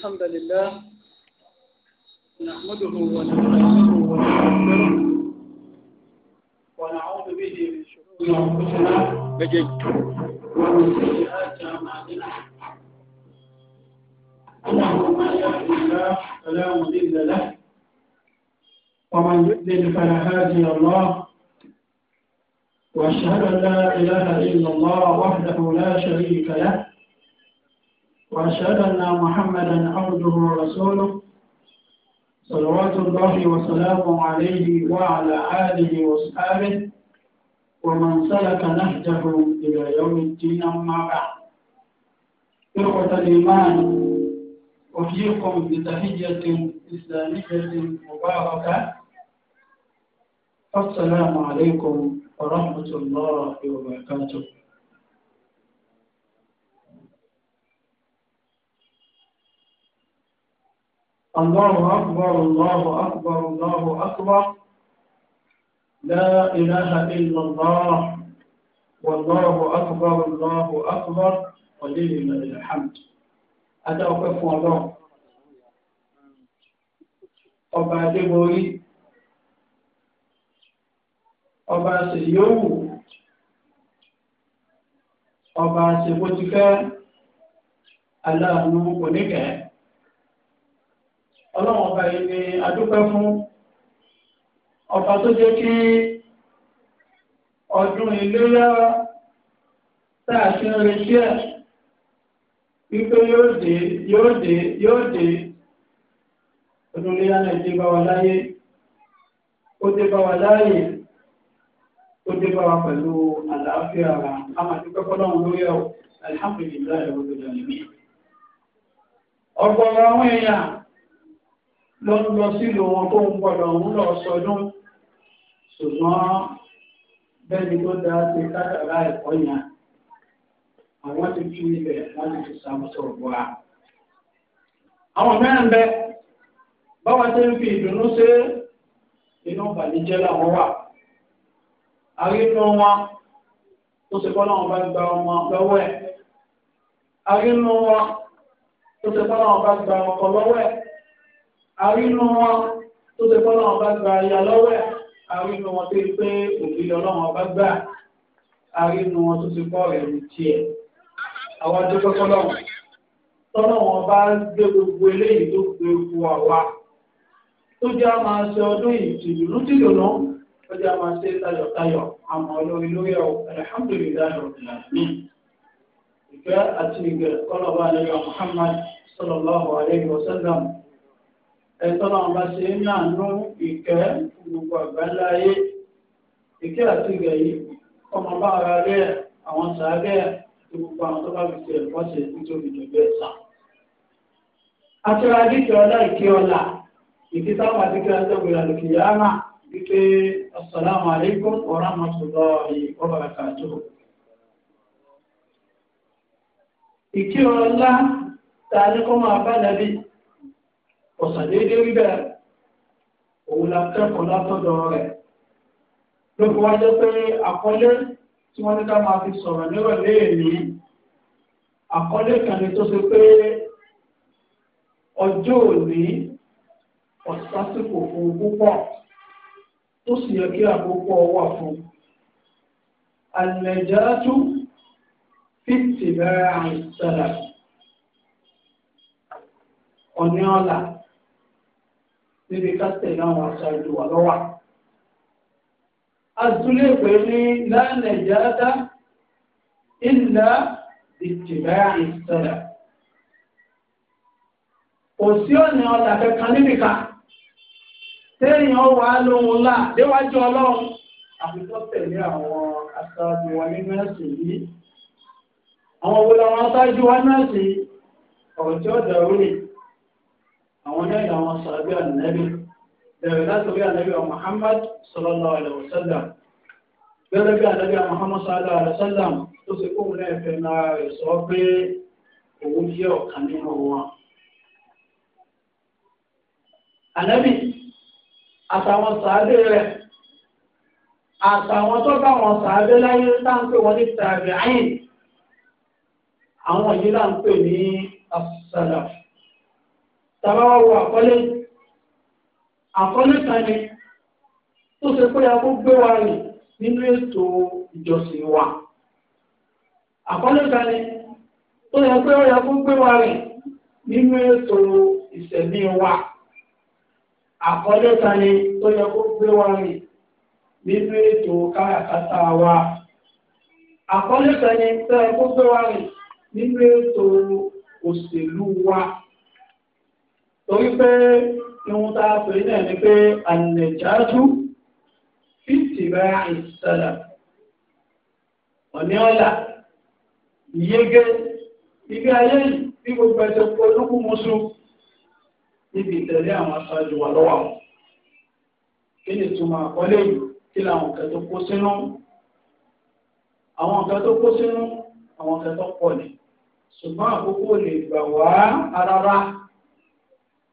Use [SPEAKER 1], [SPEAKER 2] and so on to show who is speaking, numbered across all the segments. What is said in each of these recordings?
[SPEAKER 1] الحمد لله نحمده ونستعينه ونستغفره ونعوذ به من شرور انفسنا ومن سيئات اعمالنا انه من يهد الله فلا مضل له ومن يضلل فلا هادي الله واشهد ان لا اله الا الله وحده لا شريك له وأشهد أن محمدا عبده ورسوله صلوات الله وسلامه عليه وعلى آله وصحبه ومن سلك نهجه إلى يوم الدين أما بعد إخوة الإيمان أحييكم بتحية إسلامية مباركة السلام عليكم ورحمة الله وبركاته الله أكبر الله أكبر الله أكبر لا إله إلا الله والله أكبر الله أكبر قليل الحمد هذا أوقف الله ọba adébórí ọba àṣeyọwò ọba الله aláàánú oníkẹẹ ọlọ́run ọba yìí ni adúpẹ́ fún ọba tó jẹ́ kí ọdún iléyà tá a ṣe ń retí ẹ̀ wípé yóò dé yóò dé yóò dé ọdún iléyà náà dé bá wa láyé ó dé bá wa láàyè ó dé bá wa pẹ̀lú àlàáfíà ara a fọlọ́run lórí ẹ̀ o alihamudulilayi ọ̀rọ̀ ọgbọ̀n àwọn èèyàn lọ lọ sílò wọn tó ń gbọdọ̀ ń lọ sọdún ṣùgbọ́n bẹ́ẹ̀ni tó dá sí kádàrá ẹ̀kọ́ yẹn àwọn ti fi ibẹ̀ wọ́n ti fi ṣàmùsọ̀ bọ̀ à. àwọn mẹ́rin bẹ báwa ti ń fi ìdùnnú ṣe inú ìbànújẹ́ làwọn wà àrínú wọn tó ṣe kọ́ náà bá gba ọmọ lọ́wọ́ ẹ̀ àrínú wọn tó ṣe kọ́ náà bá gba ọkọ lọ́wọ́ ẹ̀ àrínú wọn tó ṣe fọ́ lọ́wọ́ bá gba aya lọ́wọ́ ẹ̀ àrínú wọn tó ṣe pé òbí lọ́wọ́ bá gbà àrínú wọn tó ṣe fọ́ rẹ̀ ní tiẹ̀ àwọn adúgbò tọ́lọ́wọ́ tọ́lọ́wọ́ bá gbé gbogbo eléyìí tó gbé ku àwa tó jẹ́ a máa ṣe ọdún yìí tìlùnú tìlùnú tó jẹ́ a máa ṣe tayọ̀tayọ̀ àmọ́ lórí lórí ọ̀ alihamudulilayi ọ̀gbìn àmì ìfẹ́ àti ìgbẹ́ kọ́lọ́ba àlejò Muhammad sallallahu alayhi wa sallam. ẹ̀tọ́nà ọba ṣe ń láàánú ìkẹ́ gbogbo àgbáńlá ayé ìkẹ́ àti ìgẹ̀yí ọmọ bá ara rẹ̀ àwọn sàárẹ̀ àti gbogbo àwọn tó bá fi ṣe ẹ̀kọ́ ṣe nítorí ìjọba ẹ̀sà. àtúrà dìkẹ́ ọlá ìkẹ́ ọlá táwọn àlùkì wípé ìkẹ́ ọlá ọ̀sán déédéé rí bẹ́ẹ̀ òun la kẹ́kọ̀ọ́ látọ̀dọ̀ rẹ̀ lóko wájú pé àkọlé tí wọ́n ní ká máa fi sọ̀rọ̀ nírọ̀lẹ́ èmi àkọlé kan ni tó ṣe pé ọjọ́ òní ọ̀sásìkò fún púpọ̀ tó sì yẹ kí àkókò wà fún alẹ́jáàtú fíìtì bẹ̀rẹ̀ àìsàlà ọ̀ní ọ̀la níbi kásẹ̀ náà wọn ṣáájú wà lọ́wọ́. Azulé pè ní lánàá ìjáradá ìlà ìjìbá ìsọ̀rọ̀. Kò sí ọ̀nà ọ̀tà kankan níbìkà. Téèyàn wà lóhun lá déwájú ọlọ́run. Àbùtọ́ tẹ̀lé àwọn aṣáájú wa nínú ẹ̀sìn yìí. Àwọn wo aṣáájú wa náà ọ̀rọ̀ tí ó dàrú nìyí àwọn náà ni àwọn sàbí ànábì bẹ̀rẹ̀ látòrí ànábì wa Muhammad sallallahu alayhi wa sallam gẹ́gẹ́ bí ànábì wa Muhammad sallallahu alayhi wa sallam tó ṣe kóhun náà fẹ́ náà rẹ̀ sọ pé òun jẹ́ ọ̀kan nínú wọn. ànábì àtàwọn sàbí rẹ̀ àtàwọn tó bá wọn sàbí láyé táǹpé wọn ní tàbí àyìn àwọn yìí là ń pè ní asàlàfù tàbáwá wo àkọlé àkọlé kan ni tó ṣe pé a kó gbé wa rìn nínú ètò ìjọsìn wa àkọlé kan ni tó yẹ pé ó yẹ kó gbé wa rìn nínú ètò ìṣẹ̀mí wa àkọlé kan ni tó yẹ kó gbé wa rìn nínú ètò káràkátà wa àkọlé kan ni tó yẹ kó gbé wa rìn nínú ètò òṣèlú wa torí pé ihun tá a pè náà ni pé àlẹjájú fíìtì bá ìsàlà ọ̀ní ọ̀là ìyege ibi ayé yìí bí gbogbo ẹsẹ̀ kó olókùn mọ́sù níbi ìtẹ̀lé àwọn aṣáájú wa lọ́wọ́ àwọn kí ni ìtumọ̀ àkọlé yìí kí làwọn nǹkan tó kó sínú àwọn nǹkan tó kó sínú àwọn nǹkan tó pọ̀ ni ṣùgbọ́n àkókò lè gbà wá rárá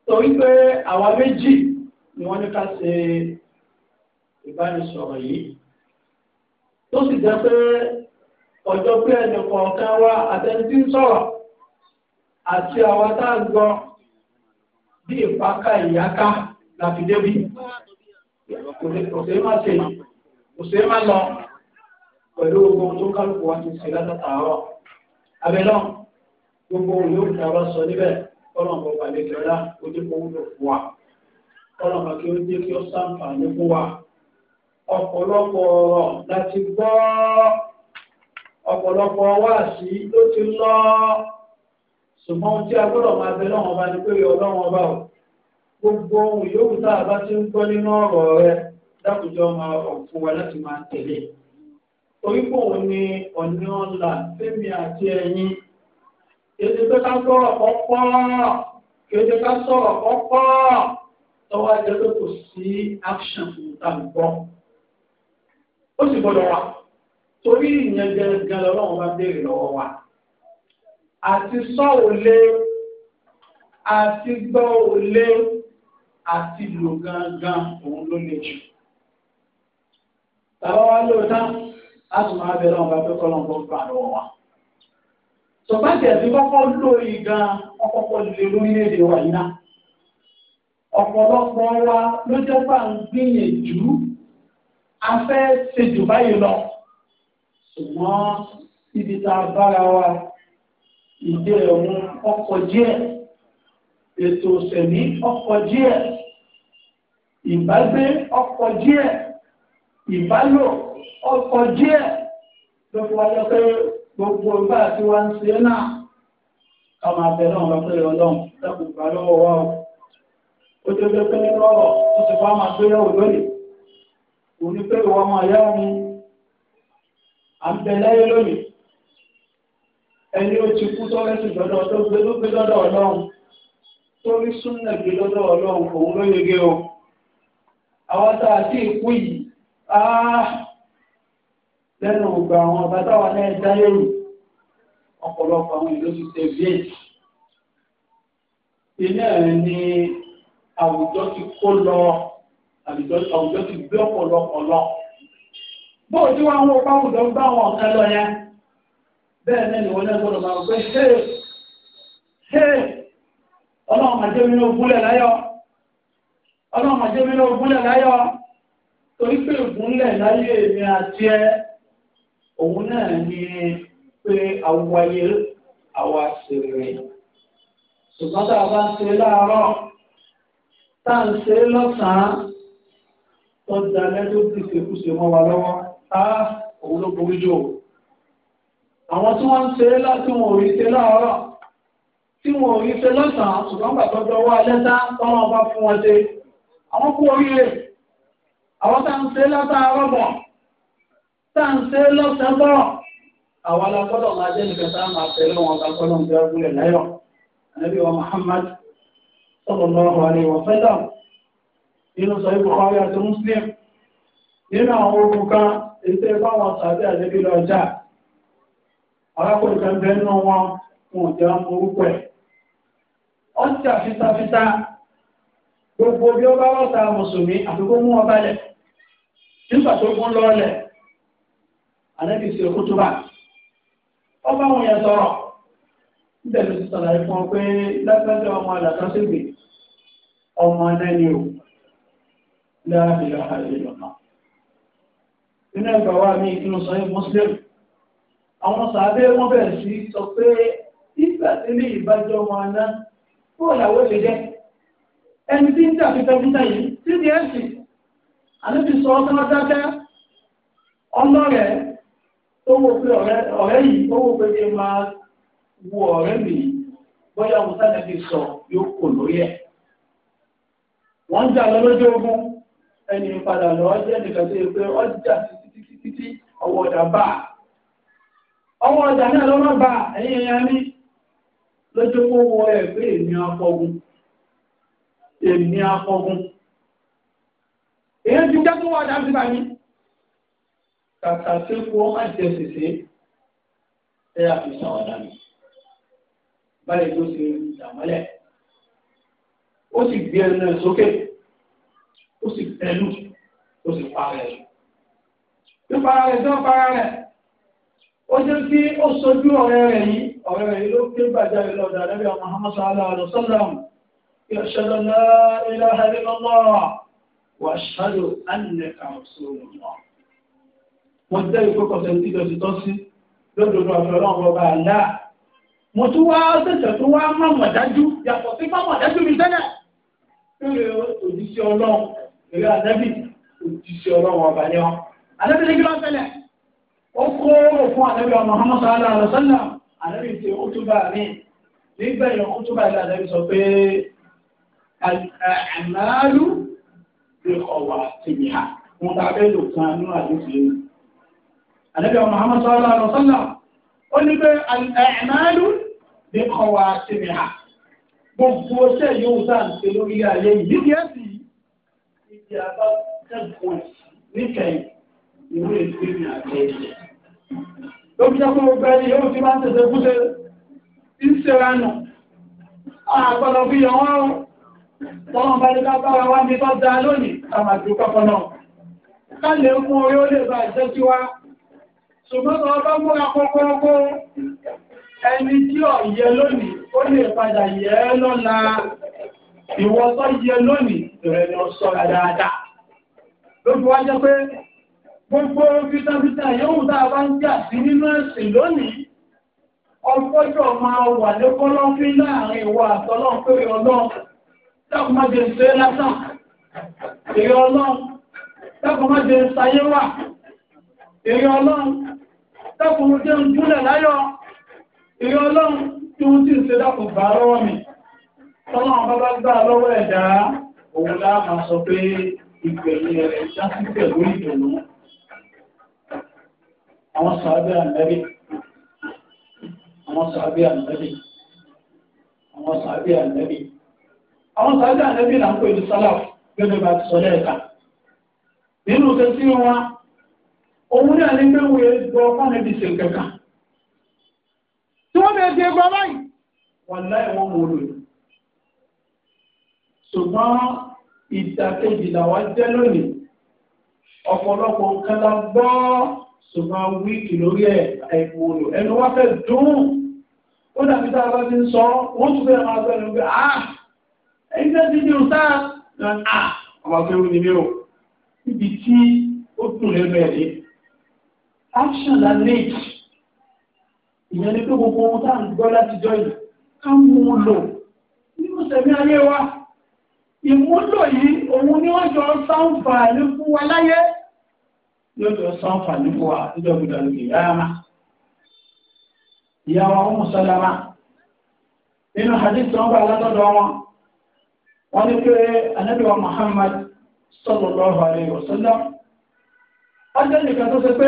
[SPEAKER 1] torí pé àwa méjì ni wọ́n ní ká ṣe ìbánisọ̀rọ̀ yìí tó sì jẹ́ pé ọjọ́ pé ẹnì kọ̀ọ̀kan wa àtẹnudí ń sọ̀rọ̀ àti àwa tá a gbọ́ bí ìpáká ìyáká láti débi kò sí má ṣe kò sí má lọ pẹ̀lú gbogbo tó kálukú wa ti ṣe látàtà àárọ̀ abẹ́ náà gbogbo yóò dáwọ́ sọ níbẹ̀. kọ́lọ̀n kọ́ balẹ̀ fún wa kọ́lọ̀n kí ó dé kí ó sàǹfààní fún wa ọ̀pọ̀lọpọ̀ ọ̀rọ̀ ti lọ ṣùgbọ́n ohun tí a gbọ́dọ̀ máa bẹ lọ́wọ́ bá o gbogbo ohun yòówù tá a bá ti ń gbọ́ nínú ọ̀rọ̀ rẹ dákùjọ máa rọ̀ wa láti máa tẹ̀lé òun ni ọ̀la fẹ́mi kéde pé ká sọ̀rọ̀ kọ́kọ́ kéde ká sọ̀rọ̀ kọ́kọ́ tọ́wọ́ ẹ̀jẹ̀ pé kò sí action fún ta gbọ́ ó sì gbọ́dọ̀ wà torí ìyẹn gẹ́gẹ́ lọ́wọ́ bá béèrè lọ́wọ́ wa àti sọ òlé àti gbọ́ òlé àti lò gangan òun ló lè jù tàbá wá lóòótá láti máa bẹ̀rẹ̀ wọn bá fẹ́ kọ́ lọ́nà tó gbà lọ́wọ́ wa sọ̀bájẹ̀ sí kọ́kọ́ lórí gan ọkọ̀kọ́ lè lórílẹ̀-èdè wa yìí náà ọ̀pọ̀lọpọ̀ wa ló jẹ́ pà ń gbìyànjú a fẹ́ ṣe jù báyìí lọ ṣùgbọ́n ibi tá a bára wa ìdí ẹ̀wọ̀n ọkọ̀ díẹ̀ ètò òṣèlú ọkọ̀ díẹ̀ ìbágbé ọkọ̀ díẹ̀ ìbálò ọkọ̀ díẹ̀ ló fi gbogbo ìgbà tí wọ́n ń ṣe náà ká máa bẹ̀ náà lọ pé ọlọ́run lẹ́kùn gbà lọ́wọ́ wa o. ó jẹ́ pé pé nínú ọ̀rọ̀ tó ti fọ́ máa gbéyàwó lónìí kò ní pé ìwọ ọmọ ìyá mi à ń bẹ láyé lónìí ẹni ó ti kú tó lẹ́sìn lọ́dọ̀ tó gbé ló gbé lọ́dọ̀ ọlọ́run tó rí gbé lọ́dọ̀ ọlọ́run òun ló yege o. àwọn tá a sì kú yìí áá lẹ́nu ògbà àwọn ọba táwa náà dá lérò ọ̀pọ̀lọpọ̀ àwọn ìlú ti tẹ̀ bí èjì. ilé ẹ̀ ni àwùjọ ti kó lọ àwùjọ ti gbé ọ̀pọ̀lọpọ̀ lọ. bóò tí wọ́n ń wọ́pọ̀ àwùjọ ń bá wọn ọ̀kan lọ yẹn bẹ́ẹ̀ náà ni wọ́n náà gbọ́dọ̀ máa gbé ṣé ṣé ọlọ́run àjẹmí ló gúnlẹ̀ láyọ̀ ọlọ́run àjẹmí ló gúnlẹ̀ láyọ̀ torí pé ìgúnlẹ̀ láyé èmi àti ẹ òun náà ní pé awáyé àwa ṣèrè ṣùgbọ́n tá a bá ń ṣe láàárọ̀ tá à ń ṣe lọ́sàn-án tó dalẹ́ tó ti ṣekúṣe mọ́ wa lọ́wọ́ tá òun ló borí jò àwọn tí wọ́n ń ṣe láti wọn ò rí ṣe láàárọ̀ tí wọn ò rí ṣe lọ́sàn-án ṣùgbọ́n gbàtọ́ dọwọ́ alẹ́ tá tọ́wọ́n bá fún wọn ṣe àwọn kú oríire àwọn tá à ń ṣe látàárọ̀ bọ̀ táǹṣe lọ́sàn bọ̀ àwọn alágbọ́dọ̀ máa jẹ́ nìkan tá a máa tẹ̀lé wọn lágbọ́dọ̀ ń bẹ ọgbẹ́ láyọ̀ ànábì wa Muhammad sallallahu alaihi wa sallam nínú sọ Bukhari àti Muslim nínú àwọn ogun kan ètò ẹgbẹ́ àwọn sàbí àdébí lọ jà arákùnrin kan bẹ́ẹ̀ nù wọn wọn ò jẹ́ orúkọ ẹ̀ ọ́n ti àfitafita gbogbo bí ó bá wọ́n mùsùlùmí àfikún mú wọn nígbà tó gún lọ́ọ̀lẹ̀ ànábì ọ kútúbà ọba àwọn yẹn fún ọ pé lágbájá ọmọ àlàkọ́sẹ̀gbè ọmọ nẹ́ni o láàbìlà àìlèlọ́nà nínú ẹgbà wa ní ìkínú sọ yìí mùsùlùmí àwọn sàbẹ̀ wọn bẹ̀rẹ̀ sí sọ pé ìgbà tí aná fún ìyàwó ẹni tí ń yìí tí sọ ọ́ ọlọ́rẹ̀ẹ́ tó wò pé ọ̀rẹ́ yìí tó wò pé wo ọ̀rẹ́ mi bóyá mo sáré sọ yóò kò lórí ẹ̀. wọ́n ń jà lọ lójú ogun ẹni padà lọ jẹ́ nìkan tó yẹ pé títí ọwọ́ bá ọwọ́ ọjà náà ló má bá ẹ̀yìn ẹ̀yà ní ogun wọ ẹ̀ pé èmi ti jẹ́ tó bá yín. kàkà tí kú ọmọ jẹ sèse ẹ àfihàn ọ̀dà mi báyìí ló ṣe ìdàmọ́lẹ̀ ó sì gbé ẹnu ẹ̀ sókè ó sì tẹnu ó sì para ẹ̀ nípa rẹ̀ tó para rẹ̀ ó jẹ́ kí ó sojú ọ̀rẹ́ rẹ̀ yìí ọ̀rẹ́ rẹ̀ yìí ló gbé gbàjáre lọ́dọ̀ àdẹ́bíà Muhammad sallallahu alaihi wasallam يشهد لا إله إلا الله وأشهد أنك رسول الله mo jẹ́ ìkókọ̀sẹ̀ tí lọ sí tọ́ sí lódodo àfẹ́ràn ọba àlá mo tún wá ṣẹ̀ṣẹ̀ tún wá má mọ̀ dájú yàtọ̀ sí má mọ̀ dájú mi tẹ́lẹ̀ lórí òjíṣẹ́ ọlọ́run eré àdẹ́bì òjíṣẹ́ ọlọ́run ọba ni wọn. àdẹ́bì ní kí ló ṣẹlẹ̀ ó kó fún àdẹ́bì ọmọ Muhammad sallallahu alaihi wasallam àdẹ́bì ti ó tún bá mi nígbẹ̀yìn ó tún bá ilé àdẹ́bì sọ pé àmàlù lè kọ̀ wá tèmi ha wọn tàbí lò kan nínú àdéhùn ànábì Muhammad sallallahu alaihi wasallam ó ní pé àìmáàlú lè kọ́ wa sí mi hà gbogbo ṣe yóò sáà ń ṣe lórí ayé yìí níbi ẹ̀sìn ìdí àbá kẹ́kọ̀ọ́ níkẹyìn ìwé ìgbéni àti ẹ̀jẹ̀. lóbi jẹ́ pé gbogbo ẹni yóò ti máa ń tẹ̀sẹ̀ fúnṣe ń ṣera nù àgbàdo tọ́wọ́n bá ní ká bára wá ní tọ́ lónìí ṣùgbọ́n tó ọba múra kókóókó ẹni tí ó yẹ lónìí ó lè padà yẹ lọ́la ìwọ yẹ lónìí rẹ̀ ni ó sọ́ra dáadáa lójú wájẹ́ pé gbogbo fitafita yóò tá a bá ń jà sí nínú ẹ̀sìn lónìí ọgbọ́jọ́ máa wà lẹ́kọ́lọ́fín láàrin ìwọ àtọ́lọ́ pé ọlọ́run dákun má jẹ́ ń ṣe lásán èrè ọlọ́run dákun má jẹ́ ń wà èèyàn ọlọ́run dákùnrin jẹ́ ń gúnlẹ̀ láyọ̀ èèyàn ọlọ́run tí wọ́n ti ń bá mi bá bá lọ́wọ́ ẹ̀dá òun sọ pé ìgbẹ̀yìn rẹ̀ dásí pẹ̀lú ìdùnnú àwọn ànẹ́bí àwọn ànẹ́bí àwọn ànẹ́bí àwọn ànẹ́bí là ń pè ní sálàf gẹ́gẹ́ bá ti sọ lẹ́ẹ̀ka nínú tẹ́sí wọn òun náà ní pé wòye gbọ́ fánẹ́bí ṣe kẹta tí wọ́n bẹ̀ẹ́ ti gbọ́ báyìí wọ́n láì wọ́n mú lò ṣùgbọ́n ìdàkejì làwọn jẹ́ lónìí ọ̀pọ̀lọpọ̀ nǹkan la gbọ́ ṣùgbọ́n wíìkì lórí ẹ̀ àìwòlò ẹnu wá fẹ́ dùn ó dàbí tá a bá ti ń sọ wọ́n tún fẹ́ máa bẹ̀rẹ̀ wípé ah ẹni tẹ́ ti di ọ̀sá náà ah ọmọ ni mí o níbi tí ó dùn lẹ́nu ẹ̀ ní action la need ìyẹn ni pé gbogbo ohun tá à ń gbọ́ láti jọ yìí ká mú un lò nínú sẹ̀mí ayé wa ìmúlò yìí òun ni wọ́n jọ sáǹfà ní fún wa láyé yóò jọ sáǹfà ní fún wa níjọ́ gbọdọ̀ lókè yára ìyá wa ó mú sọ́dáma nínú hadith wọn bá látọ̀dọ̀ wọn wọn ni pé anabi wa Muhammad sallallahu alaihi wasallam ọjọ́ nìkan tó ṣe pé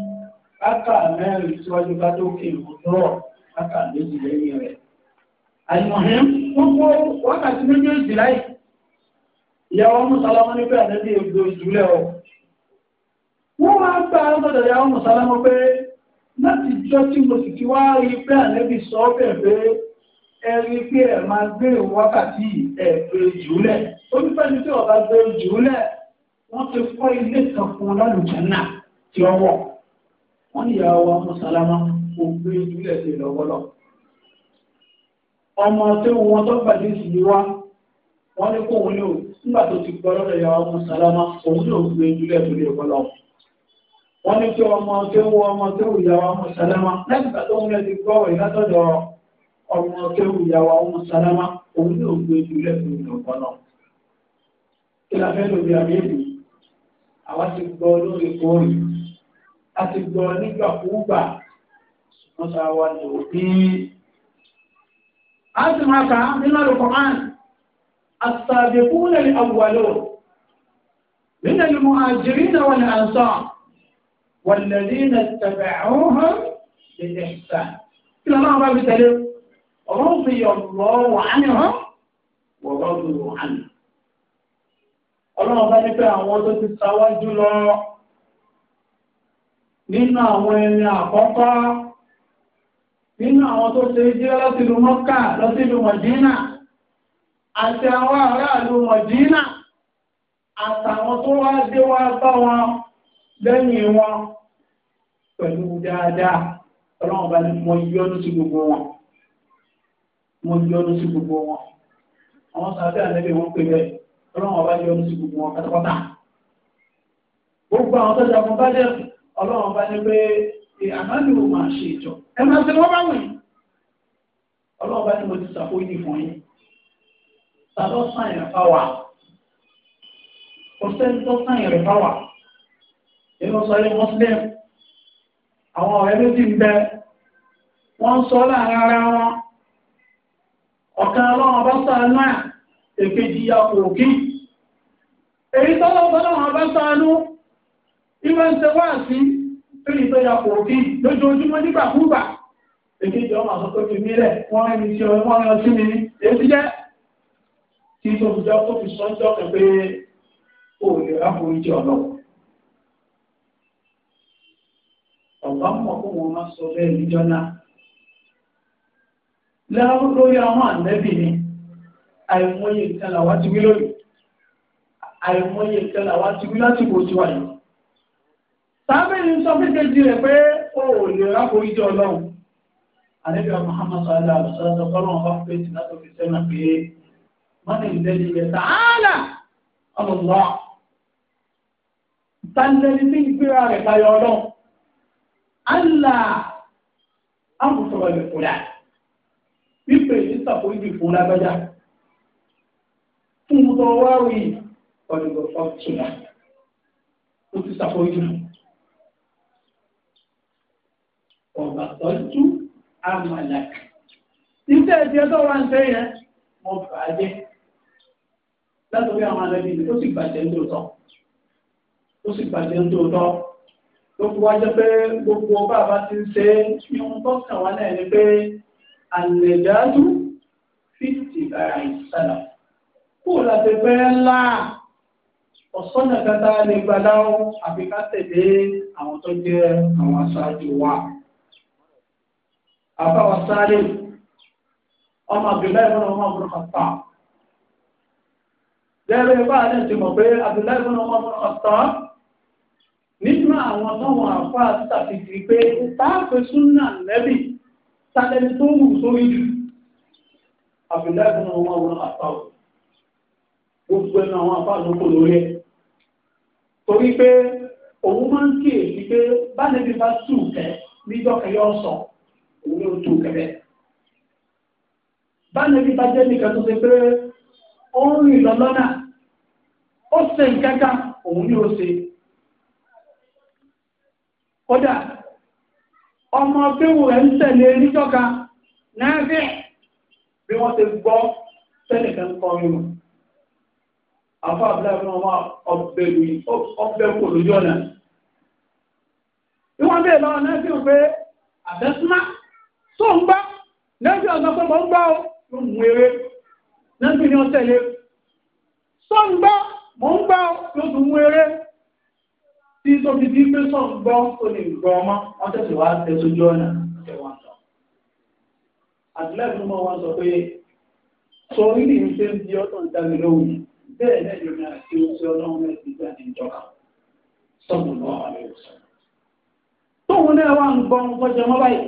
[SPEAKER 1] aka mẹ́rin síwájú ká tó kí ìlú rọ̀ káka méjì lẹ́yìn rẹ̀. àyùmọ̀hẹ́ wákàtí méjèèjì láì ìyàwó ègbò wọ́n máa ń ìyàwó pé láti jọ tí mo sì ti wá rí pé ya sọ ọ́ bẹ̀ pé ẹ rí pé ẹ máa gbé wákàtí ẹ̀gbò ìjùlẹ̀ ó ní tí gbé wọ́n ti ilé fún wọ́n ní ìyàwó wa mọ́sálámá kò gbé ìpínlẹ̀ sí lọ́wọ́lọ́. ọmọ tí wọn tó gbàdé sí ni wá wọ́n ní kó wọn ní o nígbà tó ti gbọ́ lọ́dọ̀ ìyàwó mọ́sálámá òun ní òun gbé ìpínlẹ̀ sí lọ́wọ́lọ́. wọ́n ní kí ọmọ tí wọn ọmọ tí wọn ìyàwó mọ́sálámá lẹ́yìn ìgbà tó wọn ti gbọ́ ìlàtọ̀dọ̀ ọmọ tí wọn ìyàwó mọ́sálámá òun ní òun gbé ìpínlẹ̀ sí lọ́wọ́lọ́. kí la fẹ́ lóbi àbí èdè àwa ti gbọ́ lórí kórìí a ti gbọ́ nígbàkúgbà ṣùgbọ́n sá wa ní òbí. a sì máa kà nínú Al-Qur'an as-sabiquna al-awwalun min al-muhajirin wal-ansar wal-ladhina ittaba'uhum bi-ihsan. kí ló máa bá fi tẹ̀lé radiyallahu anhum wa radu anhum. ọlọ́run bá ní pé àwọn tó ti sáwájú lọ nínú àwọn ẹni àkọ́kọ́ nínú àwọn tó ṣe jẹ́ lọ́sílù mọ́kà lọ́sílù mọ̀dínà àti àwọn aráàlú mọ̀dínà àtàwọn tó wá dé wá bá wọn lẹ́yìn wọn pẹ̀lú dáadáa ọlọ́run bá ní mo yọ́nú sí gbogbo wọn mo yọ́nú sí gbogbo wọn àwọn sàbẹ́ àlẹ́bẹ̀ wọn pè bẹ́ẹ̀ ọlọ́run bá yọ́nú sí gbogbo wọn pátápátá gbogbo àwọn tó jagun bá jẹ́ ọlọ́run bá ní pé àmàlù ò máa ṣe ìjọ ẹ máa ṣe wọ́n bá wìn ọlọ́run bá ní mo ti ṣàfóyí fún yín ta ló fáwà kò sẹ́ni tó àwọn ọ̀rẹ́ ló ti wọ́n sọ ara wọn ọ̀kan ọlọ́run bá sàánú èkejì ya kò èyí tọ́lọ́ bá sàánú. tí wọ́n ń ṣe wá sí lórí ìtọ́jà kò kí lójoojúmọ́ nígbàkúgbà èkejì ọmọ àwọn tó fi mí rẹ̀ wọ́n rẹ̀ mi sí ọ wọ́n rẹ̀ sí mi ní èyí jẹ́ tí tó fi jọ tó fi sọ́jọ́ kan pé ó lè rákùnrin jẹ́ ọlọ́wọ́. ọ̀gá mọ̀ kó wọn máa sọ bẹ́ẹ̀ níjọ́ náà lẹ́rọ lórí àwọn ànẹ́bì ni àìmọye nǹkan làwọn ti wí lórí àìmọye nǹkan làwọn ti wí láti bó ti wáyé sábẹ́ni sọ fífẹ́ di rẹ̀ pé ó lè rákòrí jẹ́ ọlọ́run àlẹ́bíà Muhammad sallallahu alaihi wasallam tọ́lọ́run bá fẹ́ sí láti fi sẹ́nà pé mọ́nà ìdẹ́ni rẹ̀ tààlà ọlọ́lọ́ tàǹdẹ́ni tí ìgbéra rẹ̀ tayọ ọlọ́run àlà àkùsọ̀rọ̀ rẹ̀ kò dà pípẹ́ fún lágbájá fún wáwí ọ̀dùnkọ̀ fọ́ọ̀tù náà ó ti sàkóyìí ọ̀gbà tọ́jú àmàlàkà. Iṣẹ́ ẹ̀dí ẹjọ́ wa ń ṣe yẹn, mo bà á jẹ́. Látọ̀rí àwọn alẹ́bí mi, ó sì gbàjẹ́ ń tòótọ́. Ó sì gbàjẹ́ ń tòótọ́. Ló fi wá jẹ́ pé gbogbo bàbá ti ń ṣe ihun tó kàn wá náà ni pé àlẹ̀dájú fíìtì bára ìsàlà. Kó o láti fẹ́ ńlá ọ̀sọ́nà kata lè gbàdáwọ́ àbíká tẹ̀lé àwọn tó jẹ́ àwọn aṣáájú wa àbáwọ̀ sáré ọmọ abdullahi fún ọmọ ọmọ ọ̀tá lẹ́rẹ̀ bá a lẹ́yìn tí mọ̀ pé abdullahi fún ọmọ ọmọ ọ̀tá nínú àwọn táwọn àfa ṣàfihàn pé táàpẹ̀ súnà lẹ́bì sálẹ́ni tó wù sórí jù abdullahi fún ọmọ ọmọ ọ̀tá gbogbo ẹnu àwọn àfa ló kò lórí ẹ̀ torí pé òun máa ń kíyèsí pé bá lẹ́bi bá sùn kẹ́ níjọ́ kẹ́ yọ sọ̀rọ̀ òun ló tó kẹ̀kẹ́. báyọ̀ bí bàjẹ́ nìkan tó ṣe pé ó ń rìn lọ lọ́nà ó ṣe nǹkan kan òun ni ó ṣe. kódà ọmọ bíwù rẹ̀ ń tẹ̀lé níjọ́ka náà bí bí wọ́n ti gbọ́ sẹ́nìkan kọrin mọ̀ afọ abúlé ọmọ ọbẹ wí ọbẹ kò lójú ọ̀nà. Ìwọ́n bẹ̀rẹ̀ lọ́wọ́ náà sí òfé àbẹ́sùmá tó ń gbá lẹ́bí ọ̀nà pé ń gbá o ló ń mú eré ni ó tẹ̀lé tó ń gbá mo ń gbá o ló tún mú eré tí tó fi di pé sọ ń gbọ́ ó lè gbọ́ ọmọ wọn tẹ̀sí wá tẹ sójú ọ̀nà tẹ wọn sọ. àtìlẹ́yìn tó mọ wọn sọ pé sọ orílẹ̀ yìí ṣe ń di ọ́tọ̀ ń lóhùn bẹ́ẹ̀ náà ló ní náà ti ń gbọ́ ń kọjá mọ́ báyìí.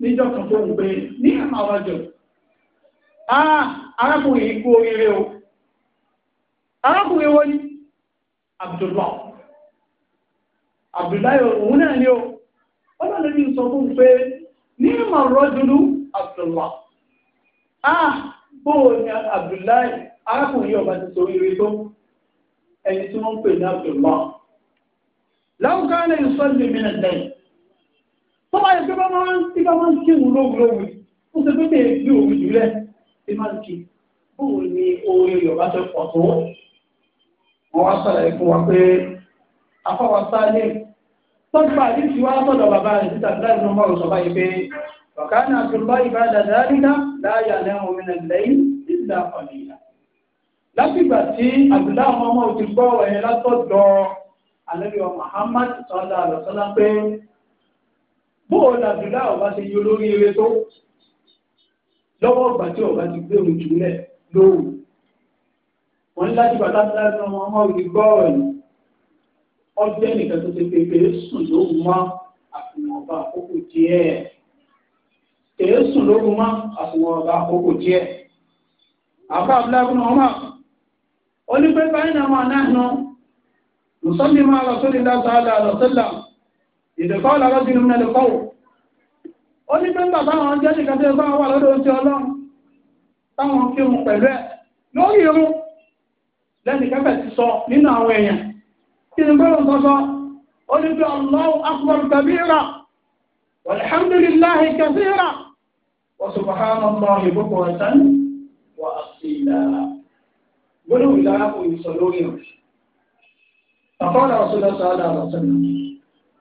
[SPEAKER 1] níjọ́ kan tó ń gbé ní àmàwájọ arákùnrin ikú oríire o arákùnrin wo ni Abdullahi Abdullahi òun náà ni o ọlọ́lẹ́bí sọ fún pé ní àmàwájọ́lú Abdullahi ah bóò ni Abdullahi arákùnrin ọba ti sọ oríire tó ẹni tí wọ́n ń pè ní Abdullahi láwùká náà sọ́jú mi náà tó bá yẹ pé bá máa ń tí bá máa ń kírun lóhùn lóhùn ó ṣe pé bẹ́ẹ̀ bí òun jùlẹ̀ ṣe máa ń kí bóun ni oore Yorùbá ṣe pọ̀ tó wọ́n wá sọ̀rọ̀ fún wa pé afọwọ́ sáré tọ́jú àti ìṣúwá sọ̀dọ̀ bàbá rẹ̀ títà láì ní ọmọ òṣọ báyìí pé ọ̀kánà àtúrbá ìbáda dáríga láàyà lẹ́hùn mi nà lẹ́yìn ìlà ọ̀nìyà. látìgbà tí àbúlá ọmọ ọmọ òtún gbọ́ ọ̀rọ̀ látọ̀dọ̀ àlẹ́bíọ̀ bóò làbìlá ọba ṣe yí olórí eré tó lọ́wọ́ ọgbà tí ọba ti gbé òun jùlẹ̀ lóòrùn wọn láti bàtà láti ọmọ ọmọ òbí gbọ́ọ̀rọ̀ yìí ọjọ́ nìkan tó ti pépé sùn lóhùn mọ́ àfihàn ọba àkókò díẹ̀ èé sùn lóhùn mọ́ àfihàn ọba àkókò díẹ̀ àbá abúlágún ọmọ onípẹ́pẹ́ náà máa náà nù sọ́ni máa lọ sórí lásàálà lọ́sọ́là ìdẹ̀kọ́ ọ̀làrọ̀ bí nínú ẹ̀lẹ́kọ́ wò ó ní pé ń bàbá àwọn jẹ́ nìkan tó bá wà lọ́dọ̀ oúnjẹ ọlọ́run táwọn kí wọn pẹ̀lú ẹ̀ lórí irun lẹ́nu kẹfẹ́ ti sọ nínú àwọn èèyàn kí ni gbọ́dọ̀ sọ sọ ó ní pé Allahu akbar kabira walhamdulillahi kathira wa subhanallahi bukratan wa asila gbọ́dọ̀ ìlà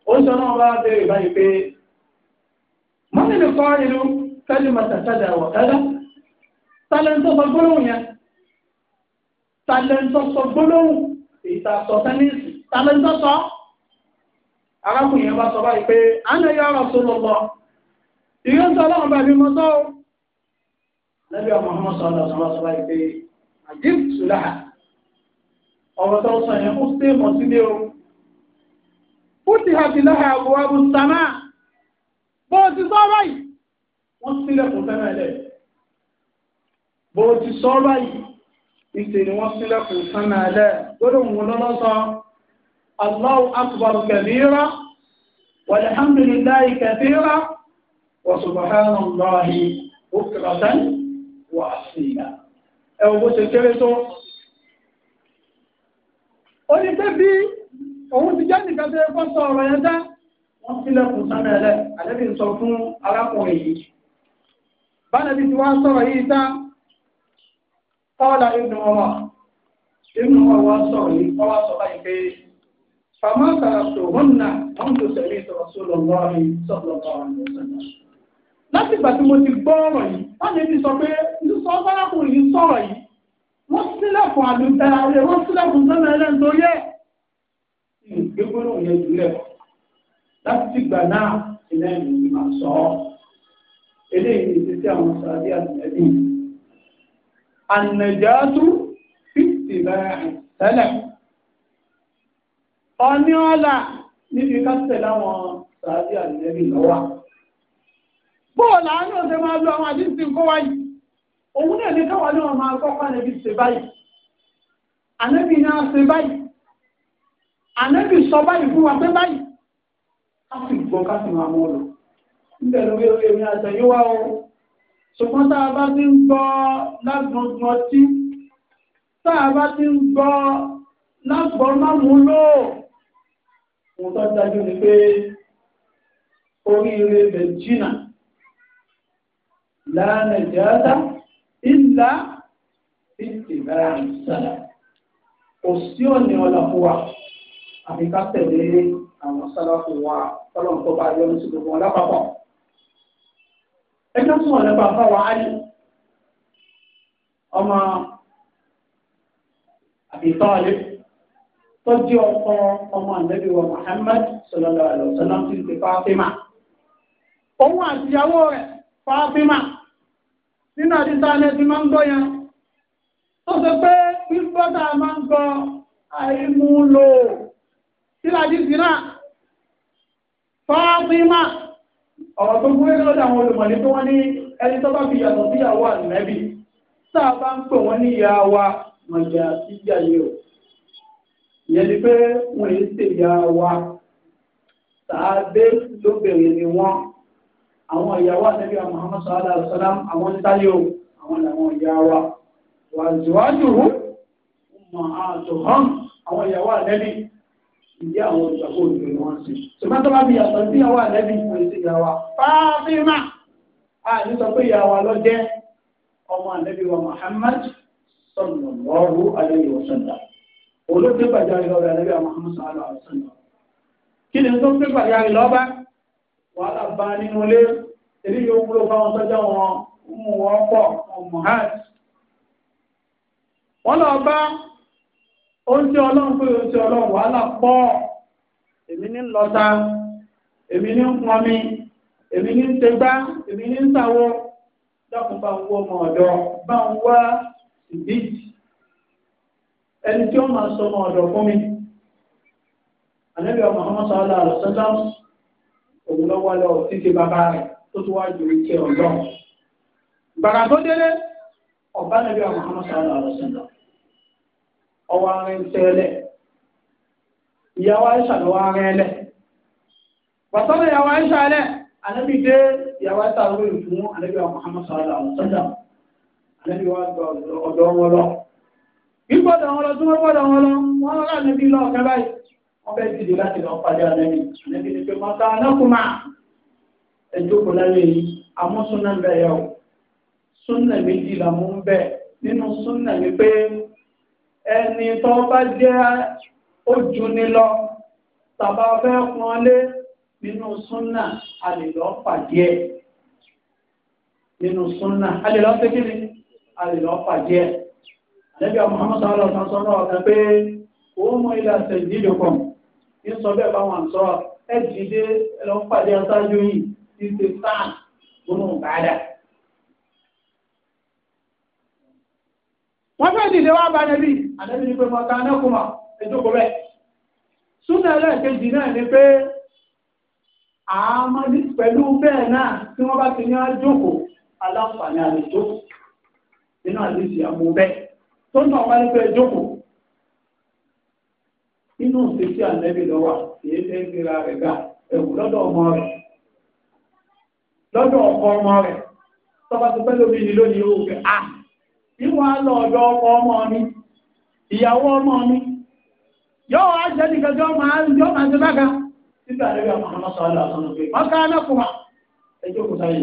[SPEAKER 1] ó sọ náà wá bẹ̀rẹ̀ báyìí pé mọ́nìlú kọ́ ìlú kẹ́lí màtàkàdà wọ̀kẹ́dá tálẹ́ńtọ́ sọ gbólóhùn yẹn tálẹ́ńtọ́ sọ gbólóhùn ìtàsọ tẹ́nísì tálẹ́ńtọ́ sọ arákùnrin yẹn bá sọ báyìí pé àná yà ọ̀rọ̀ tó lọ lọ ìyẹn sọ ọlọ́run bá mi mọ́ sọ́ ọ́ lẹ́bí ọmọ ọmọ sọ futihat laha abwabu samaa bó o ti sọ́ọ́ báyìí wọ́n sílẹ̀kùn sẹ́mẹ̀ lẹ̀ bó o ti sọ́ọ́ báyìí ìṣe ni wọ́n sílẹ̀kùn sẹ́mẹ̀ lẹ̀ lórí òun lọ́lọ́sọ Allahu akbar kabira walhamdulillahi kabira wa subhanallahi bukratan wa asila ẹ̀ wò bó ṣe kéré tó. ó òun ti jẹ́ nìkan tó yẹ kó sọ ọ̀rọ̀ yẹn dá wọ́n sílẹ̀kùn sábẹ́lẹ̀ àlẹ́bí ń sọ fún arákùnrin yìí bánàbí ti wá sọ̀rọ̀ yìí tá kọ́ọ̀lá ibnu ọmọ ibnu ọmọ wá sọ̀rọ̀ yìí kọ́ wá sọ báyìí pé fàmọ́ sàràtò hún nà wọ́n tó sẹ̀mí sọ̀rọ̀ sólò lọ́rin sọ̀rọ̀ lọ́rin láti ìgbà tí mo ti gbọ́ ọ̀rọ̀ yìí wọ́n ti sọ pé sọ bárakùnrin yìí sọ̀rọ̀ yìí wọ́n sílẹ̀kùn àdúgbò wọ́n sílẹ̀kùn sọ́nà ẹlẹ́ńdóyẹ́ ìgbégbóná yẹn jùlẹ̀ láti gbà náà iná ìlú máa sọ ọ́ eléyìí ní títí àwọn sàdí àtẹ̀lẹ́bí ànàjáàtú fífì báyìí tẹ́lẹ̀ ọní ọ̀la níbi kásẹ̀ láwọn sàdí àtẹ̀lẹ́bí lọ́wọ́ bóòlù àánú ọ̀sẹ̀ máa lo àwọn àdínsìn kó wáyé òun náà ní káwọn náà máa kọ́kọ́ ànẹ́bí ṣe báyìí ànẹ́bí náà ṣe báyìí ànábì sọ báyìí fún wa pé báyìí ká sì gbọ́ ká sì máa mú ọ lọ níbẹ̀ ló wé orí èmi àtẹ̀yìn wá o ṣùgbọ́n tá a bá ti ń gbọ́ lágbọ̀ngbọ̀n ọtí tá a bá ti ń gbọ́ lágbọ̀n má mo tọ́ dájú ni pé oríire bẹ̀ lánàá kò sí ọ̀nà ọ̀làkùwà àfi ká tẹ̀lé àwọn sáláfù wa fọlọ́n tó bá yọ lóṣù gbogbo lápapọ̀. ẹjọ́ tí wọ́n lè bá bá wa áyì ọmọ àbítọ́ọ̀lẹ́ tọ́jú ọkọ ọmọ ànábì wa Muhammad sallallahu alaihi wasallam ti fi Fátímà. òun àtìyàwó rẹ̀ Fátímà nínú àdìsá ni ẹbí máa ń gbọ́ yẹn tó ṣe pé bí bọ́dà máa ń gbọ́ àìmúlò síláàdì sínà fáfímà ọ̀rọ̀ tó gúré lọ́dọ̀ àwọn olùmọ̀lẹ́ tó wọ́n ní ẹni tó bá fi yàtọ̀ sí ìyàwó ànẹ́bí sáà bá ń pè wọ́n ní ìyá wa mọ̀jà sí ìyàyé o ìyẹn ni pé wọ́n ń ṣe ìyá wa sàábé lóbìnrin ni wọ́n àwọn ìyàwó ànẹ́bí Muhammad sallallahu alaihi wasallam àwọn ń táyé o àwọn làwọn ìyá wa wàjúwájú ọmọ àtòhán àwọn ìyàwó ànẹ́bí ìdí àwọn olùgbàgbọ́ òdòdó ni wọ́n ń sìn. ṣùgbọ́n tó bá fi yàtọ̀ sí ìyàwó àlẹ́bí ìpò ìsìn ìyàwó fáfímà a ní sọ pé ìyàwó lọ́jẹ́ ọmọ àlẹ́bí wa Muhammad sallallahu alaihi wa sallam olóògbé gbàjáre lọ́rọ̀ àlẹ́bí wa Muhammad sallallahu alaihi wa sallam kí ni tó ń gbé gbàjáre lọ́ba wàhálà bá nínú ilé èyí yóò wúlò fáwọn sọ́jà wọn mú wọn pọ̀ wọn mọ̀ oúnjẹ ọlọ́run pé oúnjẹ ọlọ́run wàhálà pọ̀ èmi ní lọ́ta èmi ní pọnmi èmi ní tẹgbá èmi ní sàwọ́ dákun bá ń wọ ọmọ ọ̀dọ́ bá ń wá ìbíjì ẹni tí ó máa sọ ọmọ ọ̀dọ́ fún mi ànábì ọmọ ọmọ sọlá àlọsọlá òun lọ wọlé ọ títí bàbá rẹ̀ tó tún wá ju ìkẹ ọ̀dọ́ gbàrà tó délé ọba ànábì ọmọ ọmọ sọlá àlọsọlá ọwọ́ ara ń tẹ́lẹ̀ ìyàwó Aisha lọ́wọ́ ara ẹ lẹ̀ pàtàkì ìyàwó Aisha lẹ̀ anabi dé ìyàwó Aisha lọ́wọ́ yìí fún anabi wa Muhammad sallallahu alaihi wa sallam anabi wa ọ̀dọ̀ wọn lọ gbígbọ́dọ̀ wọn lọ tí wọ́n gbọ́dọ̀ wọn lọ wọn lọ́ra anabi lọ ọ̀kẹ́ báyìí wọ́n fẹ́ dìde láti lọ padà anabi anabi ní pé mọ́tà anákùnmá ẹjọ́ kò lálẹ́ yìí àmọ́ súnà ń bẹ̀ yà méjì làwọn ń nínú súnà ni pé ẹni tó bá jẹ́ ojúni lọ tàbá fẹ́ pọn lé nínú súnà àlèlọ́ pàdé ẹ̀ nínú súnà àlèlọ́ pé kí ni àlèlọ́ pàdé ẹ̀ àlẹ́bí ọmọ hamasa ọlọ́sàn sọ náà ọ̀kan pé òun mọ ilé àṣẹ ìdílé kan ní sọ bẹ́ẹ̀ báwọn sọ ẹ̀ dìde ẹ̀ lọ́ pàdé aṣáájú yìí ti ṣe sáà gbóná ọ̀gá dáa. wọ́n fẹ́ dìde wá bá nẹ́bí àdẹ́bí ni pé mọ̀ta anẹ́kùnmọ̀ ẹ̀dókò rẹ̀ súnà ẹlẹ́ẹ̀kejì náà ni pé àmọ́ pẹ̀lú bẹ́ẹ̀ náà tí wọ́n bá ti ní àjòkò aláǹfààní àlejò nínú àlejò àmọ́ bẹ́ẹ̀ tó ń tàn wá ní pé ẹjòkò inú òṣèṣì ànẹ́bí lọ́wọ́ èyí fẹ́ gbéra rẹ̀ gà ẹ̀wù lọ́dọ̀ ọmọ rẹ̀ lọ́dọ̀ ọkọ ọmọ rẹ̀ tọ́ba ti pẹ́ lómi ni lónìí ó gbé ah ìwọ̀n á lọ ọ̀dọ̀ ọkọ ọmọ mi ìyàwó ọmọ mi yóò wá jẹ́ máa ń jọ máa ń débága títà lórí ọmọ ọmọ sọ̀rọ̀ lọ́sọ̀rọ̀ pé wọ́n ká lọ́kùnrin ẹjọ́ kò sáyé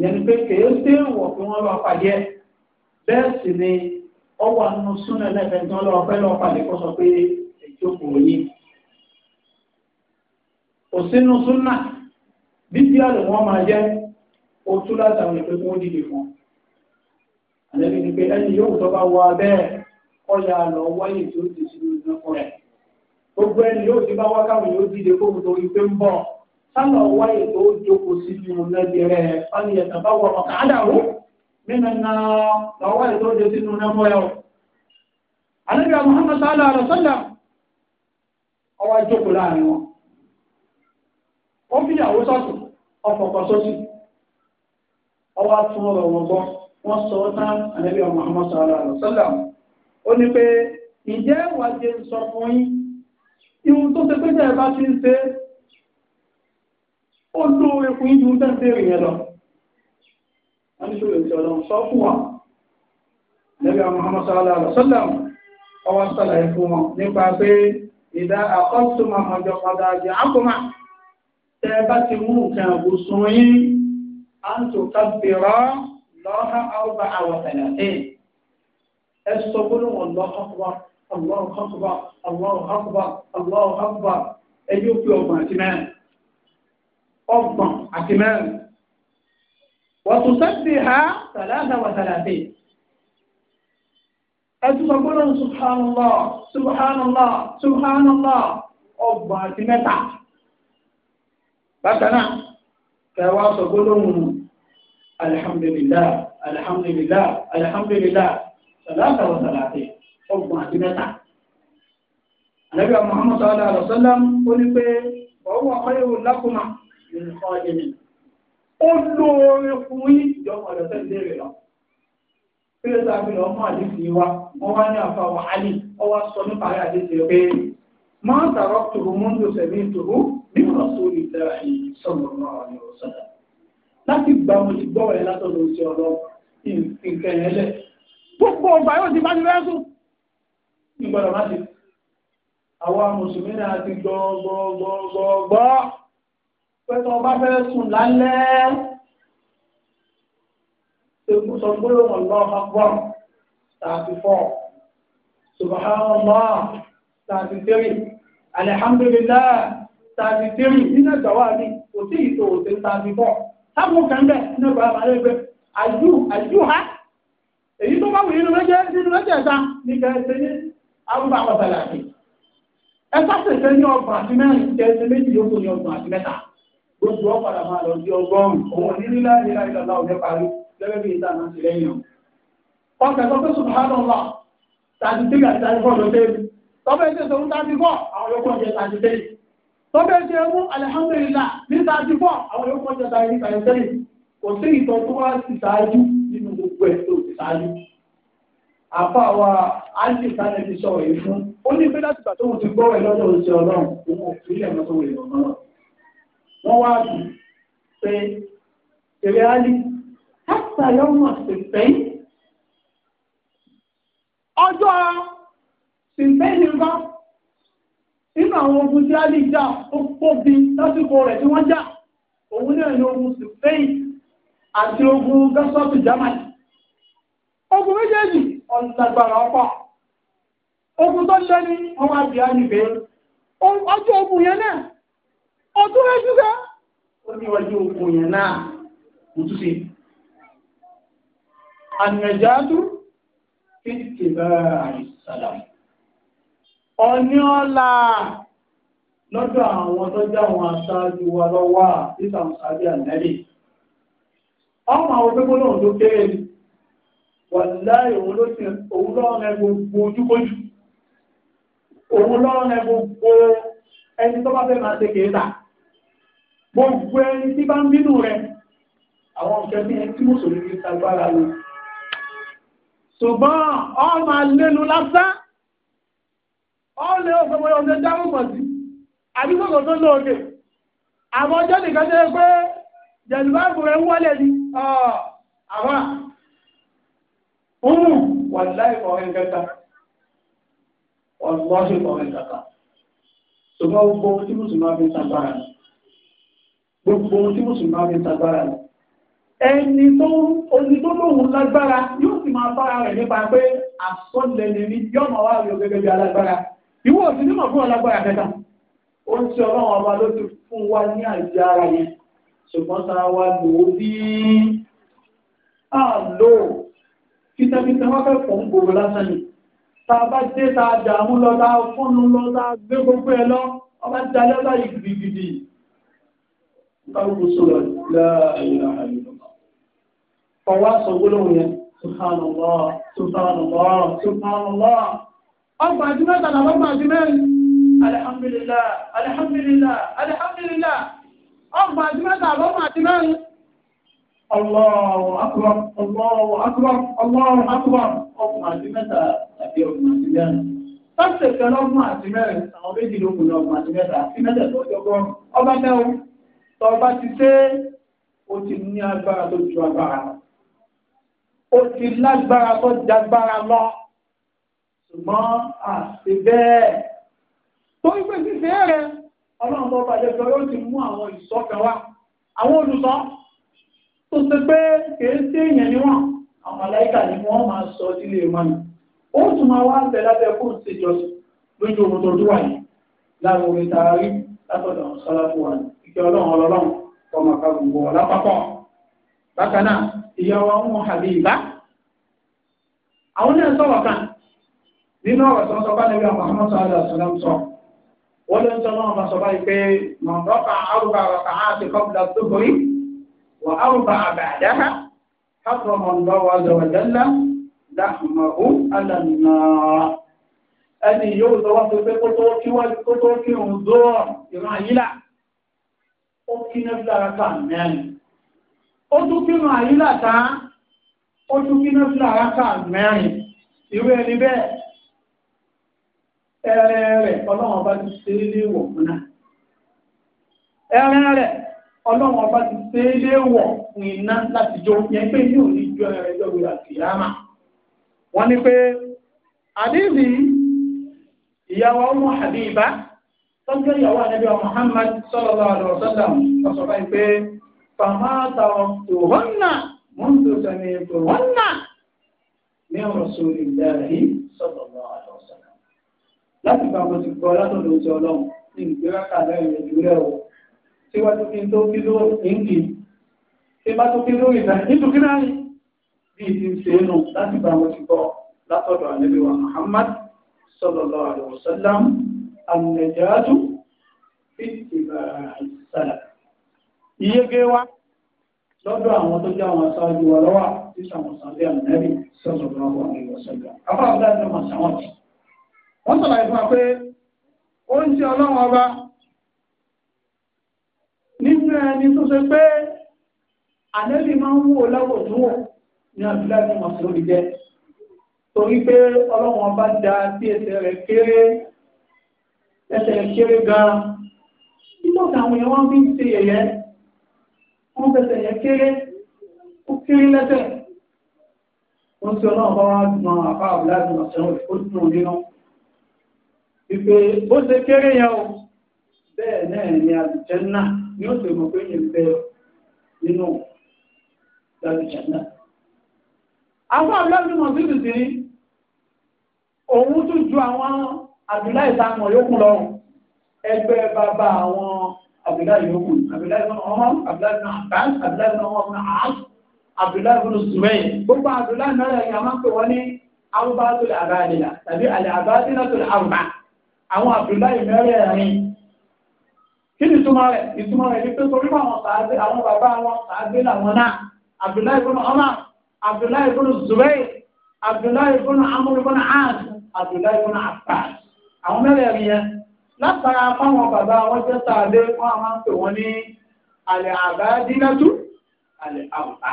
[SPEAKER 1] yẹn ni kèé fún lọ pàdé bẹ́ẹ̀ sì ni lọ lọ pàdé sọ pé ẹjọ́ kò sínú àlẹ́bí ni pé ẹni yóò tó bá wọ abẹ́ẹ̀ kọ́ya lọ wáyé tí ó ti sí ìdán fún rẹ̀ gbogbo ẹni yóò ti bá wá káwọn yóò dìde kó tó rí pé ń bọ̀ sálọ wáyé tó jókòó sí inú lẹ́bi rẹ̀ fani ẹ̀sán bá wọ ọ̀kà àdàrú nínú iná lọ wáyé tó dé sínú lẹ́mọ́ ẹ̀ o. àlẹ́bí Muhammad sallallahu alaihi wasallam ọwọ́ jókòó láàrin wọn ó fi ìyàwó sọ́sùn ọ̀pọ̀pọ̀ sọ́sùn ọwọ́ á wọn gbọ́ wọ́n sọ ọ́ tán ànábì Muhammad sallallahu alaihi wasallam ó ní pé ǹjẹ́ ìwádìí ń sọ fún yín ihun tó ṣe pé tẹ̀ bá ti ń ṣe ó lóore fún yín ju tẹ̀ ń bèèrè yẹn lọ wọ́n ní sọ̀rọ̀ ìṣẹ̀ ọlọ́run sọ fún wa ànábì Muhammad sallallahu alaihi wasallam ọwọ́ sàlàyé fún wọn nípa pé ìdá àkọ́sùmọ̀ àmọ́jọ padà jẹ́ àkọ́mà tẹ́ bá ti mú nǹkan àbùsùn yín à ń tò ká bèrè lọ́ha àwùbá àwọn ẹ̀lẹ́tẹ̀ ẹ sọ gbólóhùn lọ́hàkùbá ọlọ́hàkùbá ọlọ́hàkùbá ọlọ́hàkùbá ẹ yóò pé ọgbọ̀n àti mẹ́rin ọgbọ̀n àti mẹ́rin wàtúntàbí ha sàlàdà wà sàlàdé ẹ tún sọ gbólóhùn subhanallah subhanallah subhanallah ọgbọ̀n àti mẹ́ta bákan náà kẹwàá sọ gbólóhùn alihamdulilayi alihamdulilayi alihamdulilayi salata wa salate ọgbọ̀n àti mẹ́ta. Àlẹ́bí wa Muhammad sallallahu alayhi wa sallam ó ní pé ọwọ́ ọ̀kọ́yẹ̀wò lákùnmá nínú ọ̀jẹ̀ ni. Ó lóore fún yín ìjọba ọ̀dọ̀ sẹ́yìn léèrè lọ. Kílẹ̀ tó àfi lọ mọ́ àdìsí wa, wọ́n wá ní àfa wa Ali, ọ wá sọ nípa ayé àdìsí pé máa tààrọ̀ tòrò mọ́ńdò sẹ̀mí tòrò bí wọ́n sọ olùdarí sọ̀rọ̀ náà ní ọ̀sán láti gbà mo ti gbọ́ ẹ̀ látọ̀dọ̀ sí ọ̀rọ̀ nǹkan yẹn lẹ̀. gbogbo ọgbà yóò ti bá ti fẹ́ sùn. ìgbọ́dọ̀ má ti. àwa mùsùlùmí náà ti gbọ́ gbọ́ gbọ́ gbọ́ gbọ́. pẹ́tọ́ ọba fẹ́ sùn lálẹ́. ewu sọ pé wọn lọ ọgbọ́ tààtì fọ́. subhanallah tààtì tẹ́rì. alihamdulilayi tààtì tẹ́rì nínú ìgbà wa ni kò sí ìtòwòsí tààtì fọ́ táwọn kan bẹ̀ nípa àbálẹ́ ẹgbẹ́ àjú àjú ha èyí tó bá wù nínú lọ́jẹ́ nínú lọ́jẹ́ ẹ̀ta ní kẹsẹ̀ ní arúgbó àpàtàlà àti ẹ̀ta tẹ̀sẹ̀ ní ọgbọ̀n àti mẹ́rin kẹsẹ̀ méjì yókù ní ọgbọ̀n àti mẹ́ta gbogbo ọ̀padà máa lọ sí ọgọ́rùn òun ní lílá ìlà ìlàlá òun parí lẹ́gbẹ́ bí ìta náà ti lẹ́yìn o ọkẹ́ sọ pé subhanallah tàbí tí àti tàbí fọ́ọ̀lù tẹ́lẹ̀ tọ́pẹ́ ìṣẹ̀ṣẹ̀ òun tàbí fọ́ àwọn yòókù ọ̀jẹ̀ tàbí tẹ́lẹ̀ tọ́bẹ̀ ṣe mú alihamdulilá ní sáájú fọ́ àwọn yóò kọjá ta ẹni kàyọ sẹ́yìn kò sí ìtọ́ tó wá sí sáájú nínú gbogbo ẹ̀ tó ti sáájú. àfa wa áńtì sáyẹn ti sọ̀rọ̀ yìí fún ó ní pé láti gbà tóun ti gbọ́ ẹ̀ lọ́dọ̀ oṣù ọlọ́run òun ò fi ilẹ̀ mọ́tò wẹ̀ lọ́nà náà. wọ́n wá bù pé èrè áli káàtà yóò mọ̀ sí pẹ́yìn. ọjọ́ sí pẹ́yìn nǹkan. inu àwọn ogun tí alì jà ó tóbi lásìkò rẹ̀ tí wọ́n jà òun náà ni ogun Spain àti ogun gẹ́sọ́ọ̀tì Germany ogun méjèèjì ọ̀nàgbàrà ọ̀pọ̀ ogun tó lẹ́ni ọmọ àbíyá nìbẹ̀ ọjọ́ ogun yẹn náà ọdún ẹjú ó ní ọjọ́ ogun yẹn náà kò tún sí ànàjáàdú fi tèbà àìsàlámù ọní ọ̀la lọ́dọ̀ àwọn tó jẹ́ àwọn aṣáájú wa lọ́wọ́ títà ọ̀sáájú ànẹ́rì ọmọ àwọn pípọ́ náà tó kéré wà láì òun ló ti òun lọ́rùn ẹ gbogbo ojúkójú òun lọ́rùn ẹ gbogbo ẹni tó bá fẹ́ máa ṣe kéèta gbogbo ẹni tí bá ń bínú rẹ àwọn nǹkan bí ẹni tí mùsùlùmí ti tagbára lọ ṣùgbọ́n ọmọ alẹ́nu lásán ọ̀lẹ́ ọ̀sọ̀mọ̀ ọ̀sẹ̀ dáhùn pọ̀ sí àbíkọ̀kọ̀ tó lọ òkè àwọn ọjọ́ nìkan jẹ́ pé jẹ̀lúbáàbù rẹ̀ ń wọlé ní àwọn ẹni tó oní tó lóhun lágbára yóò sì máa bára rẹ̀ nípa pé àsọ̀lẹ̀ lè ní yọ́mọ̀ wá rí o bí alágbára ìwọ òsì ní màfún ọlágbára kẹta ó ń tí ọlọ́run ọba ló ti fún wa ní àìsí ara yẹn ṣùgbọ́n tara wa lò ó bí àlò kìtàkìtà wọn fẹ́ fọ̀ ń gbòòrò lásán ni tá a bá dé tá a dààmú lọ tá a lọ tá gbé gbogbo ẹ lọ ọba dalẹ́ báyìí gidigidi kálukú sọ̀rọ̀ láàyè yẹn subhanallah subhanallah subhanallah. ọgbà àti mẹ́ta làbọ́gbà àti mẹ́rin ọgbà àti mẹ́ta làbọ́gbà àti mẹ́rin. Allahu akbar Allahu akbar Allahu akbar ọgbà àti mẹ́ta tàbí ọgbà àti mẹ́rin. Sọ́ọ̀sì kan ọgbà àti mẹ́rin àwọn méjì ló kù ní ọgbà mẹ́ta ọba ṣùgbọ́n àti bẹ́ẹ̀ tó ń pè sí fẹ́ẹ̀rẹ̀ ọlọ́run tó bá jẹ́ pé yóò ti mú àwọn ìṣọ́kẹ́ wá àwọn olùsọ tó ṣe pé kìí sí èèyàn níwọ̀n àwọn aláìka ni wọ́n máa sọ sílé mọ́ni ó tún máa wá bẹ̀ lábẹ́ kó ń ṣe jọsìn lójú ohun tó dúwà yìí láwọn orin tààrí látọ̀dọ̀ sọ́láfù wa ní ìkẹ́ ọlọ́run ọlọ́run ọmọ ká gbogbo ọlápapọ̀ bákan náà ìyá wa ń mú àbí ìbá àwọn náà sọ̀rọ̀ kan nínú ọ̀rọ̀ tó ń sọ bá níbi àwọn ọmọ sọ́ọ́dà sọ́dọ̀m sọ wọ́n ló ń sọ náà sọ báyìí pé mọ̀nrọ́kà arúgbà rọ̀kà á ti kọ́bùlà tó borí wọ́n arúgbà àbàdá hàtọ̀ mọ̀nrọ́ wa zọ̀wọ̀dẹ́lá láhùmáhù alànà ẹni yóò sọ wá pé kó tó kí òun zọ́ọ̀ ìran àyílà ó kí ní fúlára ká mẹ́rin ó tún kí ìran àyílà tá ó tún kí ní fúlára ká mẹ́rin ìwé ẹni bẹ́ẹ̀ ẹrẹ rẹ ọlọ́run ọba ti ṣe é léèwọ̀ fún náà ẹrẹ ọlọ́run ọba ti ṣe é léèwọ̀ fún iná láti jó yẹn pé ní òní ẹrẹ lọ́wọ́ wọ́n ni pé àdébì ìyàwó ọmọ tọ́jú ìyàwó ọmọ Muhammad sallallahu alaihi wasallam ọ̀sọ̀ báyìí pé sẹ́ni ní ọ̀rọ̀ sórí sọ̀tọ̀ láti gba àwọn ti gbọ́ látọ̀dọ̀ ti ọlọ́run ní ìgbéráka lẹ́yìn ìjúlẹ̀ o síwájú kí n tó kí ló èyí ṣe bá tó kí ló ìgbà nítorí náà bí ti ń ṣe é nù láti gba àwọn ti gbọ́ látọ̀dọ̀ àlẹ́bí wa Muhammad sallallahu alaihi wasallam àmìnẹ̀jáàtú fi ìgbà ìsàlẹ̀ ìyege wa lọ́dọ̀ àwọn tó jẹ́ àwọn aṣáájú wa lọ́wọ́ tí sàmùsàn lé àmìnẹ́bí sallallahu alaihi wasallam afáàbùdá ni wọ́n sàwọ́n ti wọ́n sọ̀rọ̀ ìfún wa pé ó ń ṣe ọlọ́run ọba nínú ẹni tó ṣe pé àlẹ́lì máa ń wò láwòdúnwò ní àdúrà ní mọ̀sùlùmí jẹ́ torí pé ọlọ́run ọba da sí ẹsẹ̀ rẹ̀ kéré ẹsẹ̀ rẹ̀ kéré gan-an nígbà tí àwọn èèyàn wọn fi ń ṣe yẹ̀yẹ́ wọn fẹsẹ̀ yẹ kéré ó kéré lẹ́sẹ̀ wọ́n ṣe ọlọ́run ọba wọn gbọ́n àbá àbúlá ní mọ̀sùlùmí ó dùn nínú ìpè bó ṣe kéré yẹn o bẹ́ẹ̀ náà ni àlùjànnà ni ó ṣe mọ̀ pé yẹn fẹ́ nínú àlùjànnà. àwọn ọlọ́run mọ̀ sí tìtì ní òun tún ju àwọn àbílá ìtàkùn yòókù lọ ẹgbẹ́ bàbá àwọn àbílá yòókù àbílá ìtàn àbílá ìtàn àbáńs àbílá ìtàn ọmọ àbílá ìtàn sùmẹ́yìn gbogbo àbílá ìtàn ẹ̀yà máa ń pè wọ́n ní àrùbá tó lè àbá àwọn àbúláì mẹ́rẹ̀ẹ̀rin kí ni ìtumọ̀ rẹ̀ ìtumọ̀ rẹ̀ ní pé torí àwọn sàádé àwọn bàbá wọn sàádé làwọn náà àbúláì bọ́nà ọmọ àbúláì bọ́nà zubair àbúláì bọ́nà amúlù bọ́nà àn àbúláì bọ́nà àpá àwọn mẹ́rẹ̀ẹ̀rin yẹn látara fáwọn bàbá wọn jẹ́ sàádé wọn máa ń pè wọn ní àlẹ́ àbádínátú àlẹ́ àbá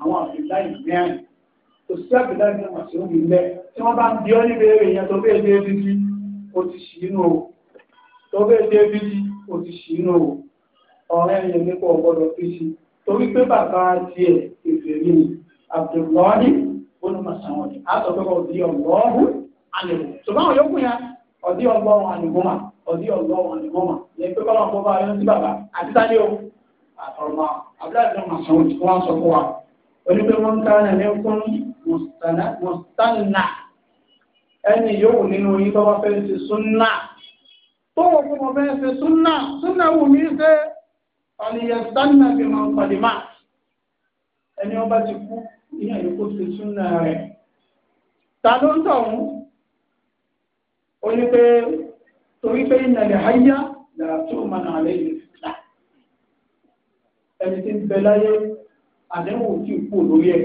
[SPEAKER 1] àwọn àbúláì mẹ́rin kò àbúláì mẹ́rin tí wọ́n bá ń bí ọ́ níbi eré yẹn tó bẹ́ẹ̀ ó ti ṣì inú o tó bẹ́ẹ̀ ṣe bí ó ti ṣì inú o ọ̀rẹ́ yẹn nípa ọ̀gbọ́dọ̀ fi sí torí pé bàbá tiẹ̀ èfè rí ni Abdullahi olùmọ̀sánwọ̀dì á sọ pé ọ̀dí ọ̀gbọ́ọ̀hún àlèkò ṣùgbọ́n àwọn yòókù yẹn ọ̀dí ọ̀gbọ́ọ̀hún àlèkò mà ọ̀dí ọ̀gbọ́ọ̀hún àlèkò mà ní pé báwọn bọ́ bá yọ sí bàbá àti sáyé o àtọ̀rọ̀mọ́ Abdullahi olùmọ̀sánwọ̀dì wọ́n sọ fún wa onígbé wọn ká ẹni yòówù nínú yín tó bá fẹ́ ṣe súnà tó wọ́n fún wọn fẹ́ ṣe súnà súnà wù mí ṣe àlìyẹ sánà bí wọn pàdé máa ẹni wọn bá ti kú ìyá yìí kó ṣe súnà rẹ̀ ta ló ń tọ̀hún ó ní pé torí pé ìnàlẹ̀ háyá làtúrò máa nà lẹ́yìn ìfìlà ẹni tí ń bẹ láyé àdéhùn tí kú lórí ẹ̀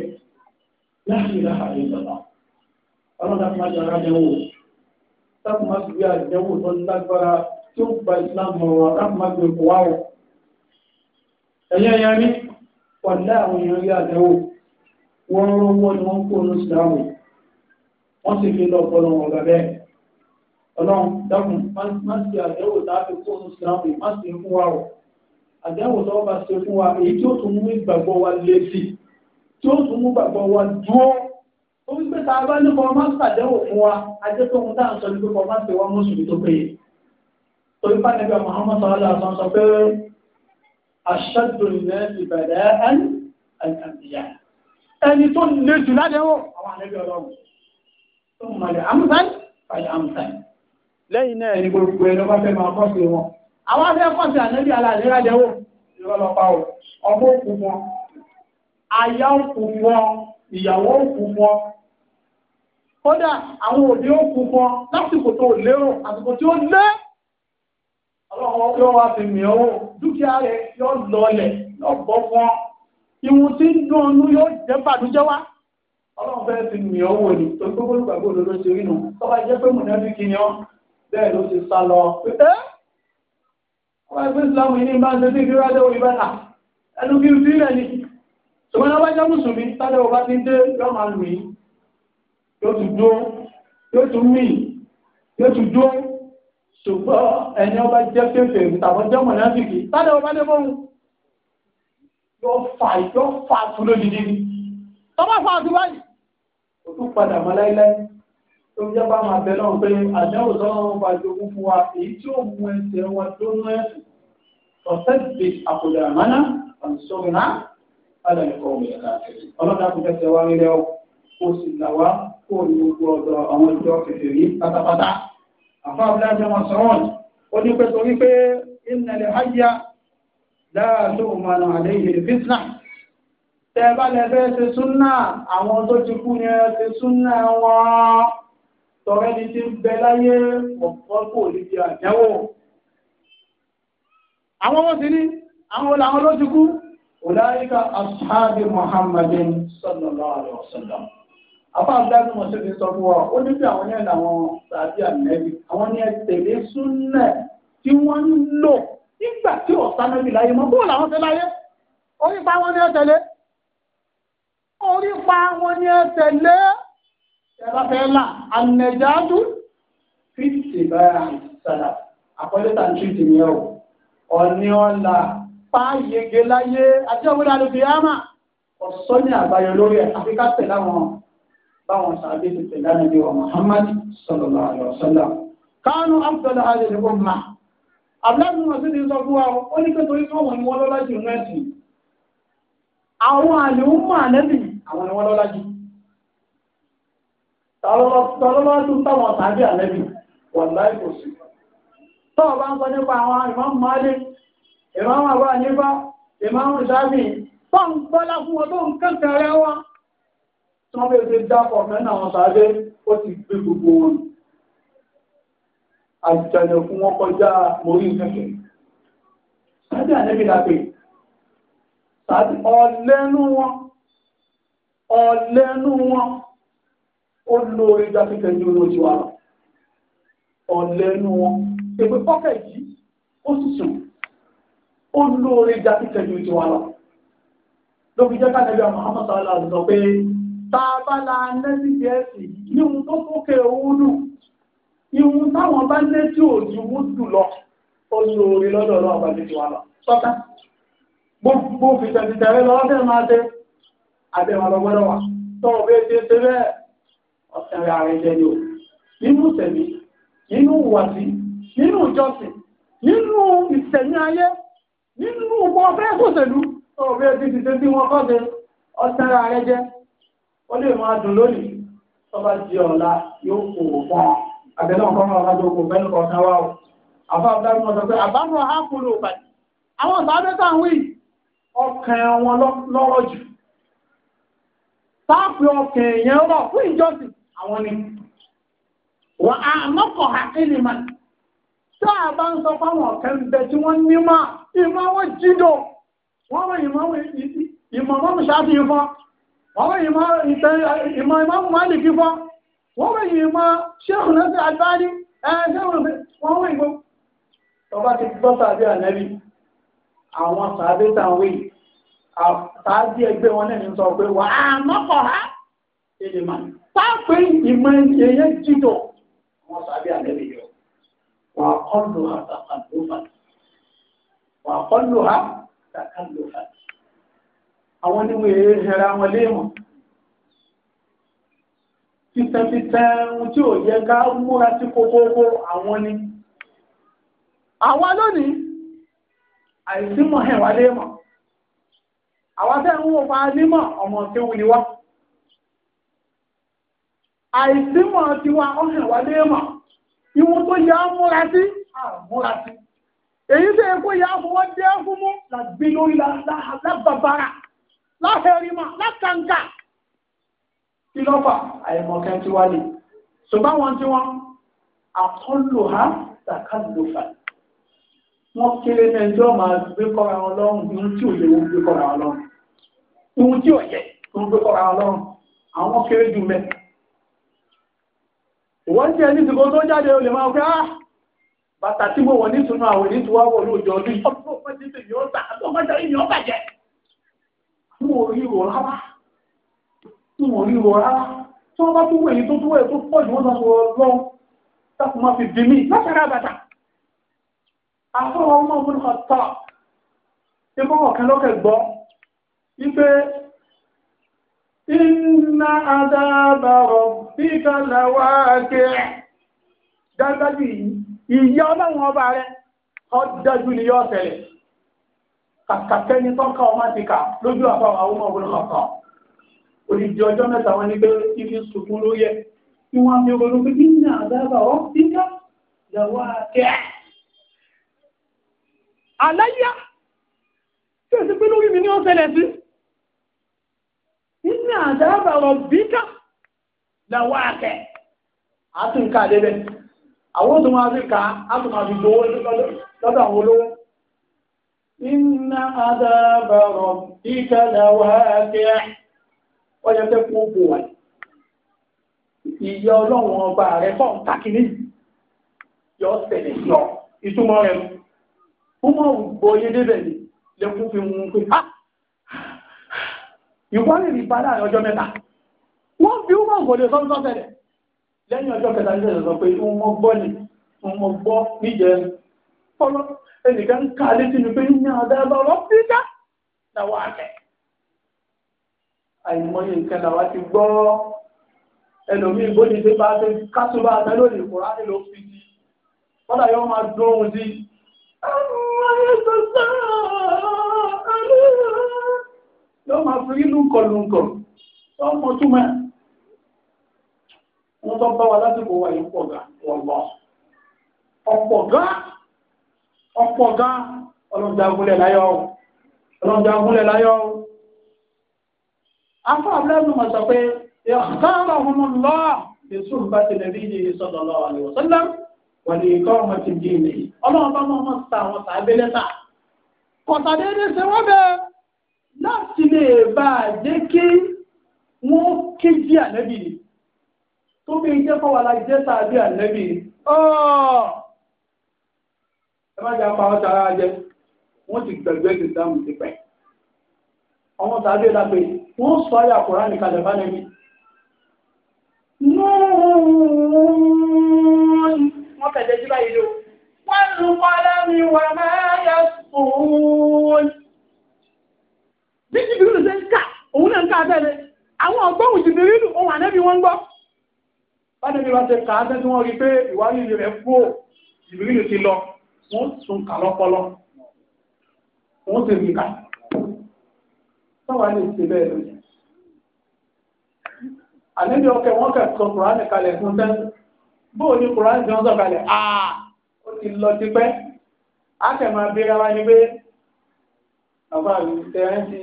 [SPEAKER 1] láti ìlà àyè ìjọba ọlọ́dà máa jọra àdánwò sáfù máa fi gbé àdánwò tó lágbára tí ó gba islam ọ̀rọ̀ láti máa gbé kó wá o. ẹ̀yẹ́ ẹ̀yẹ́ rí pọ̀lá àwọn èèyàn rí àdánwò wọ́n rọ́wọ́ ni wọ́n kó ní ìsìlámù wọ́n sì fi lọ bọ́lọ wọn gbàgbẹ́ ọlọ́run dákun má sì àdánwò láti kó ní ìsìlámù má sì ń fún wa o tó bá ṣe fún wa èyí tí ó tún mú ìgbàgbọ́ wa lé sí tí ó tún mú ìgbàgbọ́ wa dúró pé tá a bá ní kọ́má ṣàdéhùn fún wa ajé tó ń dáhùn sọ ní pé kọ́má ṣe wá mùsùlùmí tó péye torí pàtàkì Muhammad sallallahu alaihi wasallam sọ pé ashaddu an-nasi bala'an al-anbiya ẹni tó lè jù ládéhùn àwọn àlejò ọlọ́run tó ń mọ̀lẹ̀ amúsáì fàyà amúsáì lẹ́yìn náà ẹni gbogbo ẹni ọba fẹ́ òkú wọn ìyàwó òkú wọn kódà àwọn òbí ó kú mọ lásìkò tó lérò àsìkò tí ó lé ọlọ́run yóò wá fi mìíràn wò dúkìá rẹ̀ yóò lọlẹ̀ yóò bọ́ fún ọ ìwọ̀n tí ń dún ọnú yóò jẹ́ bàdújẹ́ wá ọlọ́run fẹ́ fi mìíràn wò ni tó gbogbo ìgbàgbọ́ òdodo ṣe rí nu tó bá jẹ́ pé mùnẹ́bí kìnìún bẹ́ẹ̀ ló ti sá lọ pé ẹ́ wọ́n ẹgbẹ́ ìsìlámù yìí ní bá ń ṣe sí ìrírá lẹ́wọ̀ ìbáta ẹnu kí n sílẹ̀ ni ṣùgbọ́n yóò tún dó yóò tún mì yóò tún dó ṣùgbọ́n ẹni ọba jẹ́ fèfè tàbọ̀ jẹ́ mọ̀nàfíkì tádé ọba dé bọ́ọ̀mù yóò fà yóò fà tún lójijì ni tọ́ba fà tún báyìí o tún padà mọ́ láíláí tó jẹ́ bá máa bẹ náà pé àdéhùn tó ń bá jogún fún wa èyí tí ó mú ẹsẹ̀ wọn tó ń rẹ́sùn ọ̀sẹ̀ ti àkùdà àmánà àǹsọ̀rìnà alẹ́ nìkan òmìnira ọlọ́dà kò fẹsẹ̀ wá rírẹ́ kó o ní gbogbo ọ̀dọ̀ àwọn ìjọ kèfèrí pátápátá àfa abúlájọ wọn sọ̀rọ̀ ó ní pé torí pé ìnàlẹ̀ háyà dáàtò mọ̀nà àlẹ́ ìhèrè fitna tẹ bá lẹ fẹ́ ṣe súnà àwọn tó ti kú ni ẹ ṣe súnà wọn tọ̀rẹ́ di àjẹwò àwọn ọmọ sí ní àwọn làwọn ló ti kú muhammadin sallallahu alaihi wasallam àbá àgbàdo mọ̀ ṣẹ́bi sọ fún wa ó ní bí àwọn yẹn làwọn sàbí àmẹ́bí àwọn ni ẹ tẹ̀lé súnà tí wọ́n ń lò nígbà tí ọ̀sán náà bí láyé mọ́ bó làwọn ṣe láyé orí pa wọn ni ẹ tẹ̀lé orí pa wọn ni ẹ tẹ̀lé ẹ̀rọ fẹ́ là ànẹ̀jáàdú fífi báyà sàlà àkọlé tàn tí ti yẹ o ọ̀ní ọ̀la páyege láyé àti ọ̀gbọ́dọ̀ àlùfíàmà ọ̀sọ́ ní àbáyọ lórí ẹ̀ àfikà tẹ̀lé àwọn báwọn sàbí ti tẹ̀lé ànábì wa Muhammad sallallahu alaihi wasallam kánú afdala alẹ́ ní wọ́n máa abúlé wọn sì ti sọ fún wa ó ní pé torí káwọn ni wọ́n lọ́lá jù nínú ẹ̀sìn àwọn àlè ń mọ àlẹ́bì àwọn ni wọ́n lọ́lá jù tọ́lọ́lọ́ tún táwọn sàbí àlẹ́bì wọ́n láì kò sí tọ́ọ̀ bá ń sọ nípa àwọn ìmáàmù Málíkì ìmáàmù àbúrò àyíká ìmáàmù ìsáfì tọ́ọ̀ ń gbọ́lá fún wọn tó ń kẹ́kẹ̀ẹ́ rẹ wá tí wọ́n bẹ̀rẹ̀ ṣe dápọ̀ mẹ́rin àwọn sáré ó ti gbé gbogbo wọn. àjàlẹ̀ fún wọn kọjá mórí kẹ̀kẹ́. sáré ànẹ́bí la pè sáré ọ̀lẹ́nu wọn ọ̀lẹ́nu wọn ó lórí dákẹ́kẹ́ ní olóòtú wa ọ̀lẹ́nu wọn èpè pọ́kẹ̀ yìí ó sì sùn ó lórí dákẹ́kẹ́ ní olóòtú wa lọ. lóbi jẹ́ ká nẹ́bí àwọn pé bá a bá la nẹ́sìtì ẹ̀sì ní ohun tó kókè wúdù ihun táwọn bá lé tí ò ju wúdù lọ ó lo orí lọ́dọ̀ ọlọ́run bá lè ti wà lọ sọ́tà gbogbo fìtẹ̀fìtẹ̀rẹ́ lọ́wọ́ bẹ́ẹ̀ máa dé àbẹ̀wò àlọ́gbọ́dọ̀ wà tọ́wọ́ bẹ́ẹ̀ ti ṣe bẹ́ẹ̀ ọ̀sẹ̀rẹ̀ ààrẹ jẹ́ ni o nínú tẹ̀mí nínú ìwàsí nínú ìjọsìn nínú ìsẹ̀mí ayé nínú ọgbọ́n fẹ́ẹ́ sọ̀sẹ̀lú tọ́wọ́ bẹ́ẹ̀ ti ṣe bí wọ́n kọ́ ó lè máa dùn lónìí tó bá di ọ̀la yóò kò fún ọ àbẹ̀lẹ̀ ọ̀kan máa wá lóko bẹ́ẹ̀ lọ́kọ̀ ọ̀kan wá o àbá ọ̀dájú wọn sọ pé àbámu àákùnrin òbàdì àwọn ìbáwẹ́ tá à ń wí ọkàn wọn lọ́rọ̀ jù táàpì ọkàn èèyàn rọ̀ fún ìjọsìn àwọn ni wọ́n a mọ́kọ̀ àkínní mà tá a bá ń sọ fáwọn ọ̀kẹ́ ń bẹ tí wọ́n ní mà ìmọ̀ wọn jídò wọ́n wọ ìmọ̀ wọn ìmọ̀ wọn ṣáàfihàn fún wọ́n wọ́n ìmọ̀ ìmọ̀ ìmọ̀mù Málìkì fọ́ wọ́n wọ́n ìmọ̀ ṣéhùn náà sí àgbáyé ẹ̀ẹ́dẹ́wọ̀n wọ́n wọ́n ìgbó tọba ti gbọ́ sàbí ànábì àwọn sàbí tàwé sàbí ẹgbẹ́ wọn náà ní sọ pé wà á mọ́kọ̀ ha èdè ha àwọn oníwèé ẹ̀rẹ̀ àwọn léèmọ̀ títẹ́títẹ́ ohun tí ò yẹ ká múra sí kókókó àwọn ni àwọn lónìí àìsí mọ̀ ẹ̀wà léèmọ̀ àwọn tẹ́ ń wò máa nímọ̀ ọmọ tí wù ní àìsí mọ̀ tiwa ọ̀hẹ̀wà léèmọ̀ ìwọ̀n tó yá múra sí àmúra sí èyí tẹ́ ẹ̀kọ́ yá fọwọ́ jẹ́ fún mú làgbé lórí La, la, la, la, la, la, la, la, láhẹ̀rìmọ̀ látàǹgà kí ló fà àìmọ̀kẹ́ tí wá lè ṣùgbọ́n wọn tí wọ́n àkọlù ha tàkàlùfà wọ́n kéré ní ẹjọ́ máa gbé kọ́ra wọn lọ́rùn ohun tí ò yẹ wọ́n gbé kọ́ra wọn lọ́rùn ohun tí ò yẹ wọ́n gbé kọ́ra wọn lọ́rùn àwọn kéré jù mẹ́. ìwọ́n tí ẹni ìsìnkú tó jáde olè máa fẹ́ ah, bàtà tí mo wọ̀ nítorí àwọn ènìyàn wọ̀ lóòjọ́ ọdún yìí ọdún ọmọdé yìí ó bàjẹ́ n ò rí rò rárá n ò rí rò rárá tí wọ́n bá tó wẹ̀yìn tó tó wẹ̀ tó pọ̀ jù wọ́n sọ lọ́wọ́ táàkù máa fi dèmí látara bàtà àfọwọ́ ọmọ ọmọ náà tọ̀ ṣé mọ́mọ́ kan lọ́kẹ̀ gbọ́ wípé inna adaba rabbika lawaqi dájúdájú ìyá ọlọ́run ọba rẹ̀ ó dájú ni yóò ṣẹlẹ̀ kàkàtẹ́ni tọ́ka ọmọ ti kà lójú àpá àwọn ọmọ ògùn kọ̀ọ̀kan òdìdí ọjọ́ mẹ́ta wọn ni pé ibi sùkú ló yẹ kí wọ́n fi ronú pé kí ní àdábà ọ́ ti ká ìyàwó akẹ́. àlàyé tí o ti pé lórí mi ní ọ̀sẹ̀lẹ̀ sí kí ní àdábà ọ́ bí ká ìyàwó akẹ́. a tún ká débẹ̀ àwọn tó máa fi kà á tún máa fi gbowó lọ́dọ̀ àwọn olówó. إن عذاب ربك لواقع ọjọ́ tẹ́ kú ogun wa ìyá ọlọ́run ọba rẹ fọ́n takínní yọ ṣẹlẹ̀ sí ọ ìtumọ̀ rẹ mú mọ̀ gbọ́ yé débẹ̀ ni lẹ́kún fi mú un pé ha ah! ìwọ́n lè rí padà ọjọ́ mẹ́ta wọ́n fi ó mọ̀ gbọ́dọ̀ sọ́ńtọ́ ṣẹlẹ̀ lẹ́yìn ọjọ́ kẹta ní sẹ́sẹ̀ sọ pé ń mọ́ gbọ́ ọlọ́ ẹnìkan ń ká létí ni pé ní àdáàbà ọlọ́pìtá làwọn àkẹ́ àìmọye nǹkan làwọn ti gbọ́ ẹlòmíì bóni ṣe bá ṣe kásùbà àtẹ lónìí kò ráàlì ló fi di kọ́dà yóò máa dún ohun sí i. yóò máa fi rí lùkọ̀lùkọ̀ lọ́mọ túmọ̀ wọ́n tó bá wa lásìkò wa yìí pọ̀ gà wọ́n lọ ọ̀pọ̀ gán ọ̀pọ̀ gan ọlọ́jàgúnlẹ̀ láyọ̀ ọlọ́jàgúnlẹ̀ láyọ̀ afọ abúlẹ́nu mọ̀ sọ pé ìyàkọ́rọ̀ ọmọ lọ èso bá tilẹ̀ rí ní sọ̀dọ̀lọ́ àlùwọ̀sọ́lẹ̀ wà ní ikọ́ ọmọ ti di ilẹ̀ ọlọ́run bá mọ̀ sa àwọn sàábé lẹ́tà kọ̀tàdéédé láti lè bá jẹ́ kí wọ́n kéjì ànẹ́bì tó bí jẹ́ kọ́wàlá jẹ́ sàábé ànẹ́bì ọ̀ọ́ ẹmájà pa ọ́ tara jẹ wọ́n ti gbẹ̀gbẹ́ ìsìlámù ti pẹ́ ọmọ tàbí ẹ̀dá pé wọ́n sọ ayé àkùrá ní kalẹ̀ bá nẹ́bí. wọ́n tẹ̀lé sí báyìí ló wọ́n lu kọ́lá mi wà máa yẹ sùn. bí jìbìrì ṣe ń kà òun náà ń kà tẹ́lẹ̀ àwọn ọgbọ́n jìbìrì ohun ànẹ́bí wọ́n ń gbọ́. bá nẹ́bí wá ṣe kà á tẹ́ tí wọ́n rí pé ìwádìí rẹ̀ kú jìbìrì ti lọ wọ́n tún kà lọ́pọlọ wọ́n sì rí kà sọ́wọ́ lè ṣe bẹ́ẹ̀ lónìí. àlejò ọkẹ wọn kẹsàn kùránì kalẹ̀ fún tẹ́ bóò ní kùránì tí wọ́n sọ kalẹ̀ áà ó ti lọ tipẹ́ á kẹ̀ máa bíra wa ni pé bàbá mi tẹ́ ẹ́ ti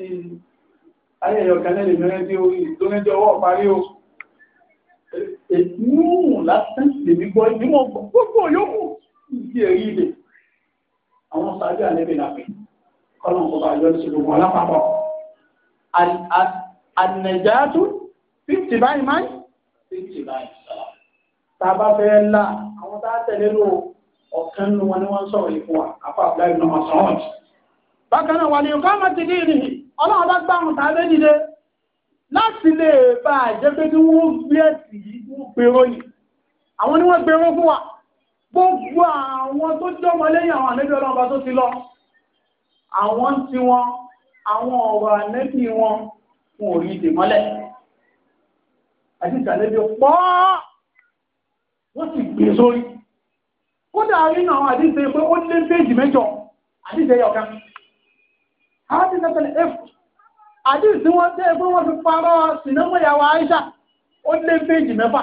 [SPEAKER 1] ayẹyẹ ọ̀kẹ́lẹ́ lè mẹ́rẹ́ tí orí ìtòrẹ́jọ ọwọ́ parí o ètùnú lásán lèmi gbọ́ ìdímọ̀ gbogbo yòókù ìdí èrí ilẹ̀ àwọn sáájú àlẹ́bí làpẹ́ kọ́lọ̀ kó bá yọ sí gbogbo alápapọ̀. ànàjáàtú fíftì báyìí máa ń fíftì báyìí sọ̀rọ̀. tá a bá fẹ́ la àwọn tá a tẹ̀lé lò ọ̀kan nínú wọn ni wọ́n sọ̀rọ̀ yìí fún wa àfa àbúláyé náà máa sọ̀rọ̀ jù. bákan náà wà ní ọ̀gá máa ti dín ní ọlọ́run bá gbá àwọn tàbí dìde láti lè bá àjẹpẹ́ tí wọ́n gbé ẹ̀sìn yìí wọ́n gbèrò yìí àwọn ni wọ́n gbèrò fún wa gbogbo àwọn tó jọmọ lẹ́yìn àwọn ànẹ́bí ọlọ́ọ̀bá tó ti lọ àwọn tí wọn àwọn ọ̀rọ̀ ànẹ́bí wọn wọn ò rí ìdè mọ́lẹ̀ àti ìtàlẹ́bí pọ́ wọ́n sì gbé e sórí kódà nínú àwọn àdíṣe pé ó lé péjì mẹ́jọ àdíṣe yọ̀kan àdíṣe tẹ̀lé ẹ̀fù àdíṣe wọn tẹ́ pé wọ́n fi parọ́ sinimá ìyàwó ó lé péjì mẹ́fà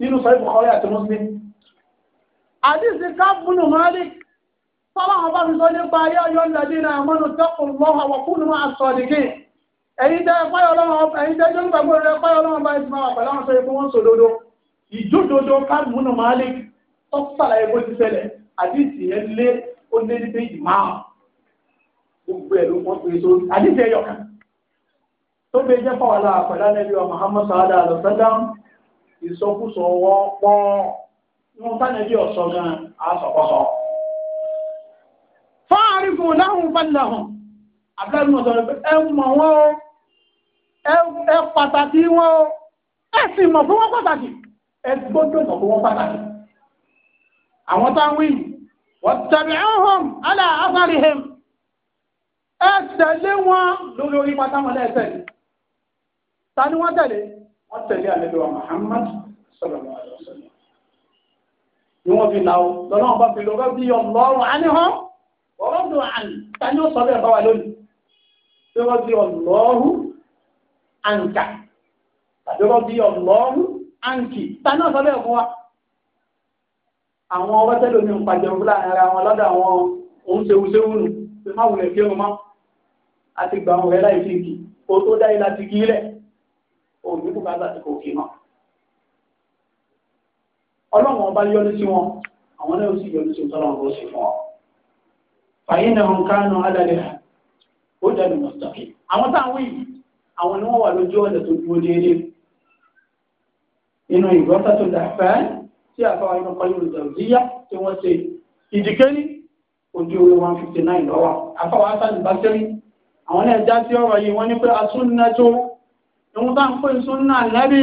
[SPEAKER 1] nínú sọ ìbùkọ́rẹ́ àti Muslim àdìsí kábùnù malik sọ́lọ́wọ́n bá mi sọ nípa ayé ọyọ́ ìdàdí náà mọ́nu tẹ́kùn lọ́wọ́ àwọ̀kùnù máa sọ nìkí ẹ̀yin tẹ́ páyọ̀ lọ́wọ́ ẹ̀yin tẹ́ jẹ́ nígbàgbọ́ rẹ páyọ̀ lọ́wọ́ bá ti máa pẹ̀lú àwọn sọ epo wọn sòdodo ìjódodo kábùnù malik tó sàlàyé bó ti ṣẹlẹ̀ àdìsí yẹn lé ó lé ní péjì márùn gbogbo ẹ̀ ló wọ́n pè é sórí àdìsí ẹ̀yọ̀ kan tó bẹ jẹ́ pàwọ́lá pẹ̀lú wọn sánẹ́bí ọ̀sọ́ gan asọ̀kọ́sọ. fáàrí fún láhùn fánilahùn abúlé mọ̀ sọ̀rọ̀ pé ẹ mọ̀ wọn o ẹ pàtàkì wọn o ẹ sì mọ̀ fún wọn pàtàkì ẹ gbọ́dọ̀ mọ̀ fún wọn pàtàkì. àwọn táwọn yìí wọ́n tẹ̀lé ọ̀hún alẹ́ àfárí hẹ́m ẹ tẹ̀lé wọn lórí orí pátá wọn lẹ́sẹ̀ ta ni wọ́n tẹ̀lé wọ́n tẹ̀lé àlejò Muhammad sallallahu alaihi wasallam ni wọ́n fi náà lọ́nà bá fi lọ́rọ́ bí ọlọ́run àníhàn ọ̀rọ̀ dùn àn tani ó sọ bẹ́ẹ̀ bá wa lónìí pé wọ́n bí ọlọ́run àǹkà tàbí wọ́n bí ọlọ́run àǹkì tani ó sọ bẹ́ẹ̀ fún wa. àwọn ọwọ́ tẹ́lẹ̀ mi ń pàjẹ́ òun láàrin ara wọn lọ́dọ̀ àwọn òun ṣewúṣewú nù pé má wulẹ̀ kí wọn mọ́ àti gbà wọn rẹ láì fi kì kó tó dá ilà ti kí lẹ̀ òun ní kò bá bàtí kò kì náà ọlọ́run ọba yọ́nú sí wọn àwọn náà sì yọ́nú sí ọlọ́run ló sì fún ọ. fàyín náà ń kánú alálẹ́ ó dàbí mọ̀tàkì àwọn táwọn yìí àwọn ni wọ́n wà lójú ọ̀dẹ̀ tó dúró déédéé inú ìgbọ́ta tó dà fẹ́ tí àfáwà inú kọ́ yóò dàrú yíyá tí wọ́n ṣe ìdíkẹ́rí ojú orí one fifty nine lọ́wọ́ àfáwà sani basiri àwọn náà já sí ọ̀rọ̀ yìí wọ́n ní pé asúnnà tó ìwọ̀n tá à ń pè sunna nábì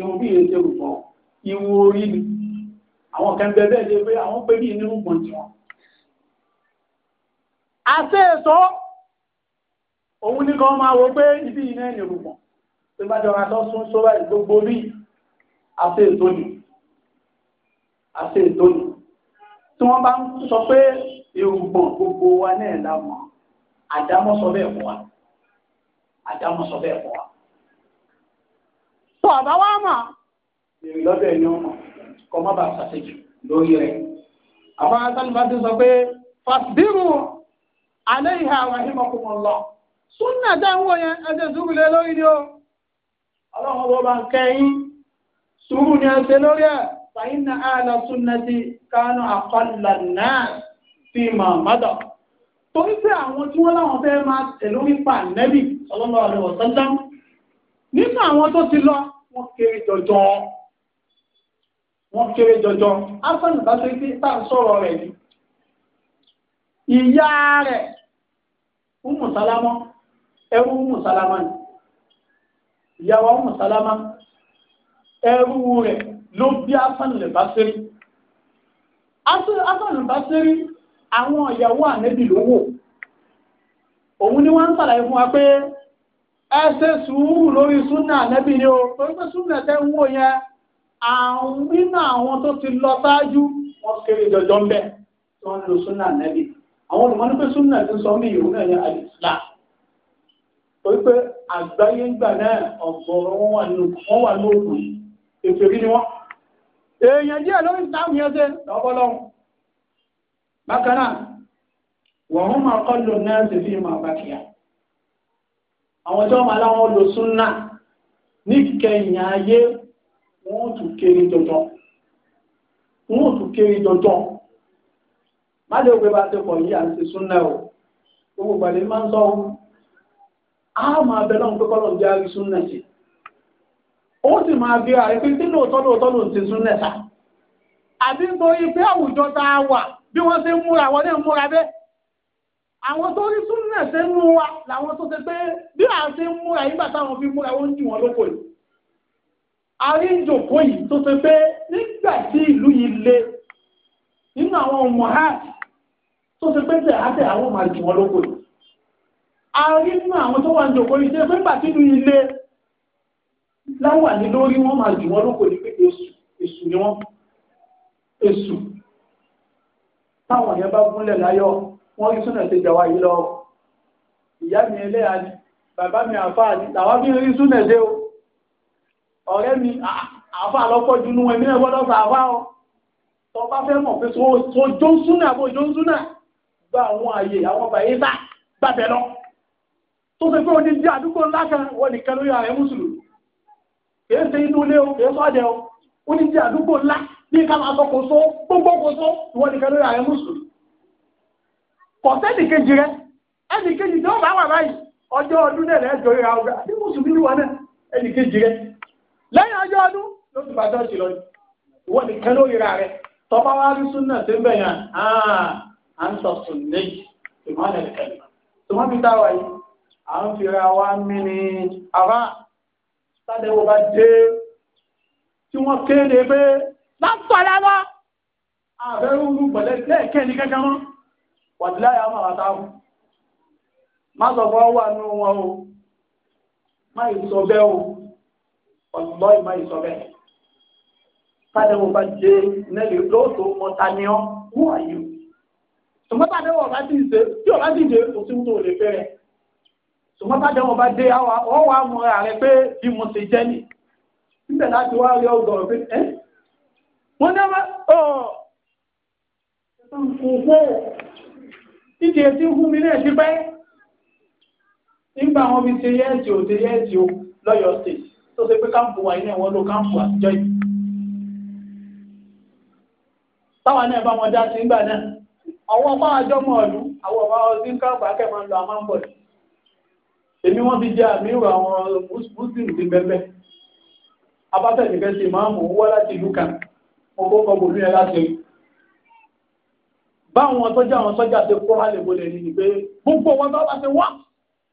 [SPEAKER 1] ìwọ̀n bí èsè rùpọ̀ ìwò orí ni àwọn kan bẹ́ẹ̀ lè pé àwọn pé ní inú pọ̀ tí wọn. àṣẹ èso òun ní kan máa wo pé ibi iná ẹ̀yìn rùpọ̀ tó bá jọra tó sún sóra gbogbo rí àṣẹ èso ni àṣẹ èso ni tí wọ́n bá ń sọ pé irùngbọ̀n gbogbo wa náà la mọ̀ àdámọ́ bẹ́ẹ̀ fún wa àdámọ́ bẹ́ẹ̀ fún wa tó ọ̀bá wá mọ̀. èrè lọ́dọ̀ ẹni ọmọ kọ́ má bàa ṣàṣejù lórí rẹ̀. àwọn asálùfà ti sọ pé fàṣbírù alẹ́ ìhà rahimakumọ̀ lọ. súnà dáhùn yẹn ẹsẹ̀ sùúrù lórí ni o. ọlọ́run bó bá ń kẹ́yìn sùúrù ni ẹ ṣe lórí ẹ̀. فإن أهل السنة كانوا أقل الناس فيما مضى torí pé àwọn tí wọ́n láwọn fẹ́ máa tẹ̀lé orí pa nẹ́bì sallallahu alaihi wasallam nínú àwọn tó ti lọ wọ́n kéré jọjọ wọ́n kéré jọjọ afẹ́nù bá tó pé tá à ń sọ̀rọ̀ rẹ̀ ni ìyá rẹ̀ umu salama ẹrú umu salama ni ìyàwó umu salama ẹrú rẹ̀ ló bí afẹ́nù lè bá sẹ́rí afẹ́nù bá sẹ́rí àwọn ìyàwó ànẹ́bì ló òun ni wọ́n ń sàlàyé fún wa pé ẹ ṣe sùúrù lórí súnà nẹ́bí ni o torí pé súnà tẹ́ ń wò yẹn àwọn nínú àwọn tó ti lọ ṣáájú wọn kéré jọjọ ń bẹ tí wọn lo súnà nẹ́bí àwọn olùmọ̀ súnà ti sọ mí ìwúnà yẹn àdìsílà torí àgbáyé ńgbà náà ọ̀gọ̀ọ̀rọ̀ wọn wà ní òkú ètò ìrí wọn èèyàn díẹ̀ lórí ìtàwọn yẹn ṣe lọ́wọ́lọ́wọ́ bákan náà wọ́n máa kọ́ lò náà sì fi máa bá kíyà àwọn tí wọ́n máa láwọn lò súnà ní kẹyìn ayé wọ́n tún kéré dandan wọ́n tún kéré dandan má lè wípé bá ti pọ̀ yí àti súnà o gbogbo pàdé máa ń sọ ohun a máa bẹ lọ́hùn pé kọ́lọ̀ jẹ́ àrí súnà sí ó àwọn tó ní súnmọ̀ ṣe ń mú wa làwọn tó ṣe pé bí à ń ṣe ń múra nígbà táwọn fi múra wọ́n ń jù wọ́n lóko yìí. a rí ìjòkó yìí tó ṣe pé nígbà tí ìlú yìí le nínú àwọn ọmọ hajj tó ṣe pé tẹ̀ àtẹ̀ àwọn máa jù wọ́n lóko yìí. a rí nínú àwọn tó wà ń jòkó yìí ṣe pé nígbà tí ìlú yìí le láwà ní lórí wọ́n máa jù wọ́n lóko ní pé èṣù èṣù ni wọ́n èṣù táwọn yẹn bá gúnlẹ̀ láyọ̀ wọ́n rí súnà ṣe jẹ̀wá yìí ìyá mi ẹlẹ́yà ni bàbá mi àfáà ni làwọn bí rí súnà ṣe o ọ̀rẹ́ mi àfáà lọ́pọ̀ jù nú ẹ̀mí ẹ̀ gbọ́dọ̀ sọ àfáà o tó bá fẹ́ mọ̀ pé sojó ń súnà àbò ìjó ń súnà gba àwọn àyè àwọn bàyè sá gbàbẹ̀ lọ tó ṣe pé o ní jẹ́ àdúgbò ńlá kan ká máa sọ kò só gbogbo kò só ìwọ́n nìkan lórí ààrẹ mùsùlùmí kọ̀ọ̀tẹ́nì kejì rẹ ẹnì kejì tó bá wà báyìí ọjọ́ ọdún náà lẹ́jọ́ ríra ọgbà ní mùsùlùmí wà náà ẹnì kejì rẹ lẹ́yìn ọjọ́ ọdún ló ti bá dọ́ọ̀tì lọ ìwọ nìkan ló ríra rẹ tọ́ba wá rí súnà tó ń bẹ̀ yàn án sọ sùn léyìí ìmọ̀lẹ̀ kẹlẹ̀ tó wọ́n fi táwa yìí à ń fira wa mí ni àbá sádẹ́wò bá dé tí wọ́n kéde pé láǹtọ̀ lẹ́wọ́ àbẹ̀rù gbọ̀lẹ́ lẹ́ẹ̀kẹ́ ní kankan mọ́ wàdílá yà máa ta mú má sọ fún ọwọ́ àánú wọn o má yìí sọ bẹ́ẹ̀ o ọ̀gbọ́n yìí má yìí sọ bẹ́ẹ̀ tani wo ba dé nẹ́ẹ̀lì lóòótọ́ mọ tani ọ́ wú àyè tòmọ́tà dẹ́wọ̀ bá ti ṣe tí ọ̀rá ti dé kò sí tó lè fẹ́rẹ̀ tòmọ́tà dẹ́wọ̀ bá dé ọ wà mọ ààrẹ pé bí mo ṣe jẹ́ ni níbẹ̀ láti wá títí etí fún mi náà ṣe pẹ́ nígbà wọn fi ṣe yẹ́ẹ̀sì ò ṣe yẹ́ẹ̀sì ò lọ́yọ̀ state tó ṣe pé káàmpù wa ilé wọn ló káàmpù àtijọ́ yìí táwọn náà bá wọn dá sí nígbà náà àwọn ọmọ àjọ mọ ọdún àwọn ọmọ ọdún ní káàmpù akẹ́kọ̀ọ́ ń lọ àmọ́ ń bọ̀ èmi wọn fi jẹ àmì ìwà àwọn muslim ti bẹ́ẹ̀ abáfẹ́ nìkan ṣe máàmù wọ́n láti ìlú kan mo kó kọ́ bòlú yẹn láti báwọn sọ́jà àwọn sọ́jà ṣe kó hálẹ̀ bolẹ̀ ni pé gbogbo wọn bá wá ṣe wá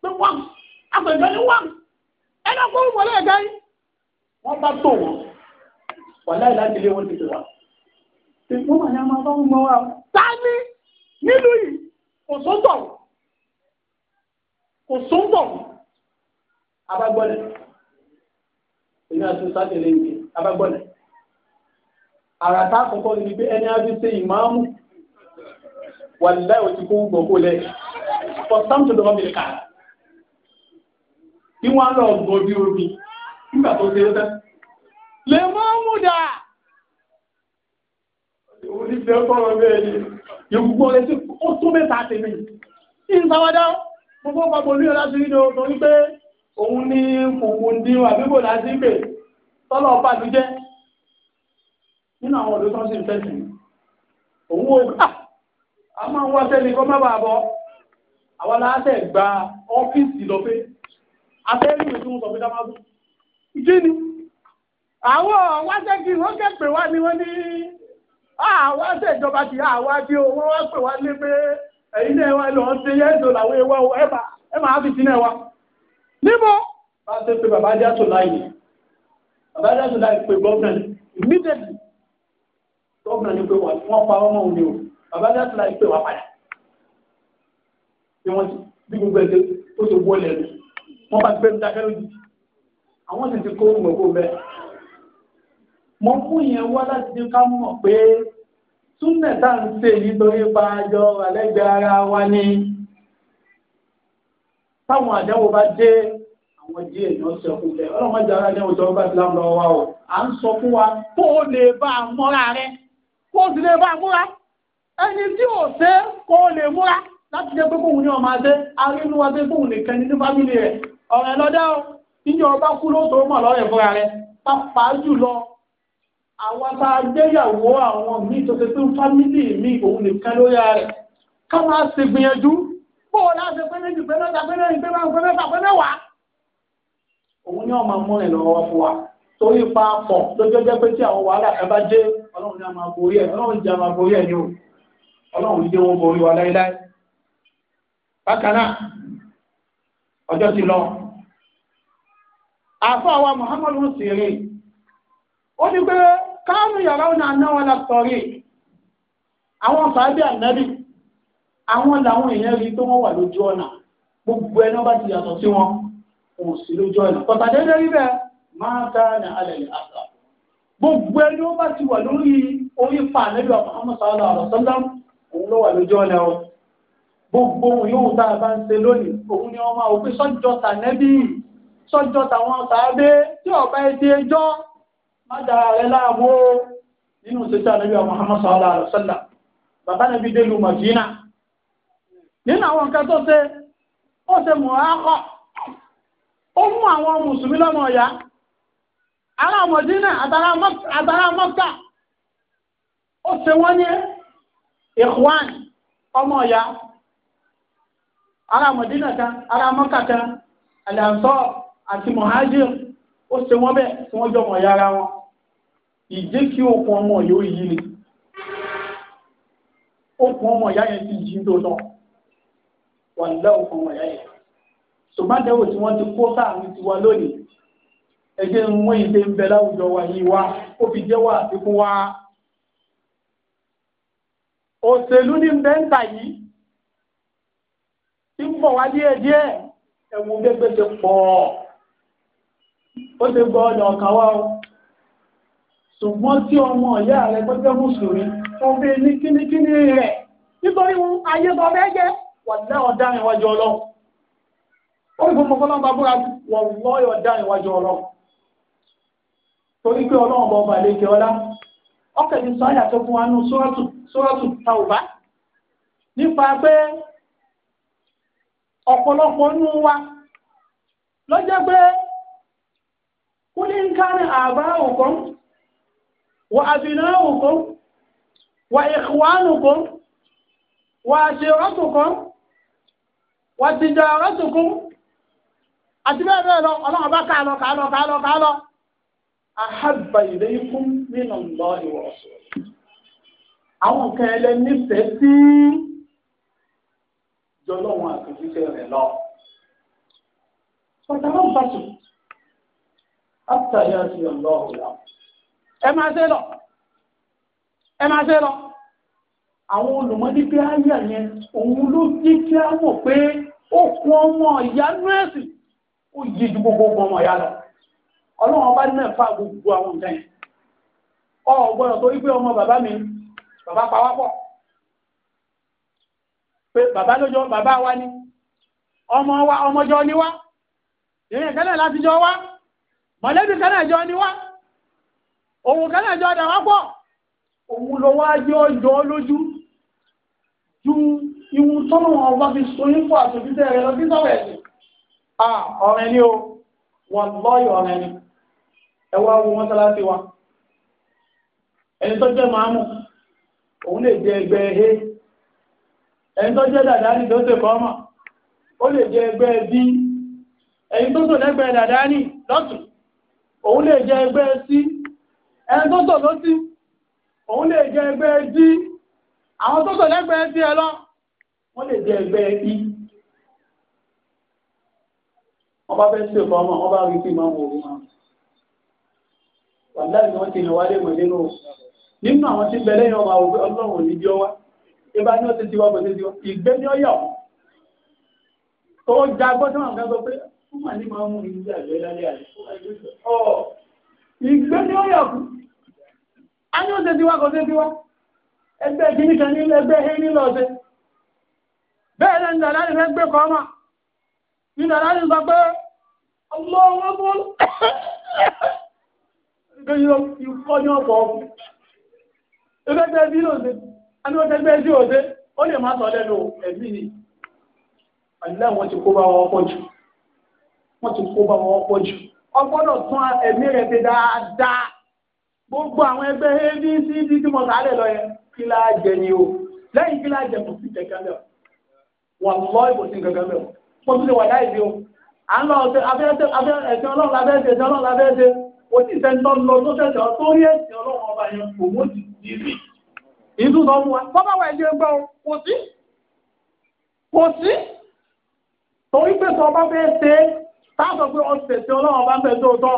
[SPEAKER 1] ṣe wá àpèjọ ni wá ẹnà kó wọlé ẹ̀gá yìí wọ́n bá tó wọn wàláì láti ilé wọn ti tó wa. ṣùgbọ́n wà ní a máa bá wọn mọ wa. ta ni nílùú yìí kò sóńtọ̀ kò sóńtọ̀ abagbọ́lẹ̀ èmi àti sátẹ̀lẹ̀ yìí abagbọ́lẹ̀ àràtà àkọ́kọ́ ni pé ẹni á fi ṣe ìmáàmù wàlúùdá ò ti kó gbogbo lẹ̀ ọ̀sán tó dọ́gbọ́n mi kà á tí wọ́n lọ gbọ́ bí omi nígbà tó ṣe é tán lè mọ́ mú dà oníṣẹ́ ọkọ̀rọ̀ bẹ́ẹ̀ ni yòókùgbọ́ rẹ̀ tí ó tó mẹ́ta tèmi tí ń sáwádá gbogbo papọ̀ ní ọlá sí ní ọdún ní pé òun ní kòkò ní àbíbò láti pè tọ́lọ̀ ọba ló jẹ́ nínú àwọn ọ̀dọ́ tó ń ṣe ìfẹ́sìn òun ó a máa ń wá sẹ́ni kọ́ má bàa bọ̀ àwọn aláṣẹ gba ọ́fíìsì lọ pé atẹ́rìwé tí wọ́n sọ pé dá máa bọ̀ ìdí ni àwọn wáṣẹ́kì wọ́n kẹ́pẹ́ wá ni wọ́n ní àwọn aṣèjọba ti àwọn adé o wọ́n wá pè wá lé pé ẹ̀yin náà wá lọ́ọ́ ṣe yẹ́ńdò làwọn ewa ẹ̀ máa fi sí náà wá níbo bá ṣe pé bàbá jásò láàyè bàbá jásò láàyè pé gọ́ọ̀nà immediately gọ́ọ̀nà ni pé wọ́n pa ọmọ òun ni o bàbá dáàtì láì pè wá padà bí wọ́n ti bí gbogbo ẹ̀ tó ṣe wọlé ẹ̀ wọ́n bá ti fẹ́ dákẹ́ lójijì àwọn sì ti kó gbogbo bẹ́ẹ̀ mo fún yẹn wá láti ká mọ̀ pé súnmẹ̀ ń ṣe nítorí pa àlẹ́gbẹ̀ẹ́ ara wa ni táwọn àdánwò bá dé àwọn díẹ̀ ni wọ́n sọ fún bẹ́ẹ̀ ọlọ́mọ ìjà ara ní ọjọ́ bá ti láwọn lọ́wọ́ wa o à ń sọ fún wa kó o lè bá a mọ́ra rẹ kó o sì lè bá a múra ẹni tí ò ṣe kó lè múra láti jẹ́ pé kóhun ní ọmọ adé arínú adé kóhun nìkan ní fámìlì rẹ̀ ọ̀rẹ́ lọ́dá o níjọ ọba kú lóòótọ́ mọ̀ lọ́rẹ̀ fúnra rẹ̀ pàápàá jùlọ àwọn tá a gbéyàwó àwọn míì tó ṣe pé fámìlì míì òun nìkan lórí rẹ̀ ká máa ṣe gbìyànjú bó o láti pé méjì pé mẹ́ta pé mẹ́rin pé márùn pé mẹ́fà pé mẹ́wàá òun ní ọmọ mọ́rin lọ́wọ́ fún wa torí pa pọ̀ lójó jẹ́ pé tí àwọn wàhálà ẹ bá dé ọlọ́run ní a máa borí ẹ̀ ọlọ́run jẹ́ a máa borí ẹ̀ ni o. ọlọ́run jẹ́ wọn borí wa láíláí bákan bakana ọjọ́ ti lọ muhammadu sèré ó ní pé káàmù yàrá ọ̀nà ànáwọn látọ̀rí àwọn sàábì ànábì àwọn làwọn èèyàn rí tó wọ́n wà lójú ọ̀nà gbogbo ẹni bá ti yàtọ̀ sí wọn kò sí lójú ọ̀nà pàtàkì rí bẹ́ẹ̀ máa alẹ́ gbogbo ẹni bá ti wà lórí orí pa ànábì muhammadu òun ló wà lójú ọ̀nà o gbogbo ohun yóò tá a bá ń ṣe lónìí òun ni ọmọ òfin sọ́jọ́ tànẹ́bí sọ́jọ́ tàwọn tàbí tí ọ̀bá ẹtì ẹjọ́ má dára rẹ láàmú o nínú ìṣẹ́jú ànábì àwọn Muhammad sallallahu alaihi wasallam bàbá nàbí délu Madina nínú àwọn nǹkan tó ṣe ó ṣe mùhákọ̀ ó mú àwọn mùsùlùmí lọ́mọ ọ̀yá ará Madina àtàrà Mọ́kà ó ṣe wọ́n ní ikhwan ọmọ ya, ará mọ̀dínà kan ará mọ́kà kan àlàǹsọ́ àti mọ̀hájìr ó ṣe wọ́n bẹ́ẹ̀ tí wọ́n jọ ya ara wọn ìjẹ́ kí ọmọ yóò yí ni Okun ọmọ ìyá yẹn ti wà ọmọ ya yẹn tí ti kó lónìí ẹgbẹ́ ń wọ́n ìdè ń bẹ láwùjọ wa òṣèlú ní bẹ́ńtà yìí tí ń bọ̀ wá díẹ̀ díẹ̀ ẹ̀wù gbẹgbẹ́ ti pọ̀ ó ti gbọ́ ọ̀nà ọ̀kan wá o ṣùgbọ́n tí ọmọ ìyá rẹ̀ gbẹ́gbẹ́ mùsùlùmí wọ́n ní kínníkínní rẹ̀ nítorí wọn ayé sọ fẹ́ jẹ́ wà ní ọ̀daràn iwájú ó fi fún fọlọ́n babúra wọ̀n lọ́yọ̀ ọ̀daràn iwájú torí pé ọlọ́run ọba àlejò ọlá ọkẹ́ ní sọ àyàtọ̀ fún wa nù sọ́ọ̀tù sóràtù tàwùbá nípa pé ọ̀pọ̀lọpọ̀ nú wa lọ́jọ́ pé kúlí ń kárí àbá òkun wà àbìnà òkun wà ìkwánùkun wà àṣírọ́tùkun wà tìjàrọ́tùkun àti bẹ́ẹ̀ lọ ọlọ́run bá kálọ kálọ kálọ àhábà ilé ikú nínú ìwọ̀sùn àwọn nǹkan ẹlẹ́nífẹ̀ẹ́ sí jọlọ́run àtòjíṣẹ́ rẹ̀ lọ. Sọ̀tà náà bá tù. Àtàyà ti ọ̀lọ́ ọ̀la. Ẹ máa ṣe lọ. Ẹ máa ṣe lọ. Àwọn olùmọ́dé pé áyà yẹn, òun ló jẹ́ kí á wò pé ó kún ọmọ ìyá nọ́ọ̀sì. Ó yí ju gbogbo ọmọ ìyá lọ. Ọlọ́run ọba náà fa gbogbo àwọn nǹkan yẹn. Ọ̀gbọ́n tó wípé ọmọ bàbá mi bàbá pa wá pọ̀ pé bàbá lójó bàbá wa ni ọmọ wa ọmọjọ ni wá ìrìn kan náà láti jọ wá mọ̀lẹ́bí kan náà jọ ni wá òun kan náà jọ dà wá pọ̀ òun lọ wá jọ jọ lójú ju ìwù tọ́nà ọba fi soyún pọ̀ àtòjútẹ̀ rẹ̀ lọ sí sọ̀rọ̀ ẹ̀sìn ọ̀rẹ́ ni o wọ́n lọ́yọ̀ ọ̀rẹ́ ni ẹwà owó mọ́sálásí wa ẹni tó jẹ́ màámu òun lè jẹ egbe ehe ẹni tó je dàdá ní tó ṣe kọ́mọ̀ ó lè jẹ ẹgbẹ́ bí ẹni tó tò lẹ́gbẹ̀ẹ́ dàdá ní lọ́tún òun lè jẹ ẹgbẹ́ sí ẹni tó tò lọ́tí òun lè jẹ ẹgbẹ́ dí àwọn tó si lẹ́gbẹ̀ẹ́ sí ẹ lọ lè jẹ i wọ́n bá fẹ́ ṣe kọ́mọ̀ wọ́n bá rí sí máa wò ó wọn nínú àwọn tí bẹ̀rẹ̀ yẹn ọmọ àwọn ọlọ́run níbi ọwá ìbá ní ọ̀sẹ̀ tiwa pẹ̀lú tiwa ìgbé ní ọyọ̀ ó já gbọ́dọ̀ àwọn kan pé ó mà ní máa ń mú ìgbé àgbẹ̀ lálẹ́ àlẹ́ ọ̀ ìgbé ní ọyọ̀ kù á ní ọ̀sẹ̀ tiwa kọ̀ ọ̀sẹ̀ ẹgbẹ́ kìíní kan ẹgbẹ́ hẹ́ nílò ọ̀sẹ̀ bẹ́ẹ̀ lẹ́nu dàdá ni ẹgbẹ́gbẹ́ bí ló ń ṣe ẹni wọ́n tẹ́gbẹ́ sí ó lè má sọ lẹ́nu ẹ̀mí ni wọn ti kó bá wọn pọ̀ jù wọ́n ti kó bá wọn pọ̀ jù ọgbọ́dọ̀ tún gbogbo àwọn ẹgbẹ́ abc tí mo sálẹ̀ lọ yẹn kí jẹ ni o lẹ́yìn kí láà jẹ kò sí wà lọ́ ìbò ọlọ́run ọlọ́run lọ tó níbí. ìdú lọ mú wa bọ́bá wà ilé ẹgbẹ́ o kò sí kò sí torí pé sọ bá fẹ́ ṣe táàbọ̀ pé ọ̀sẹ̀ tí ọlọ́run bá fẹ́ tóótọ́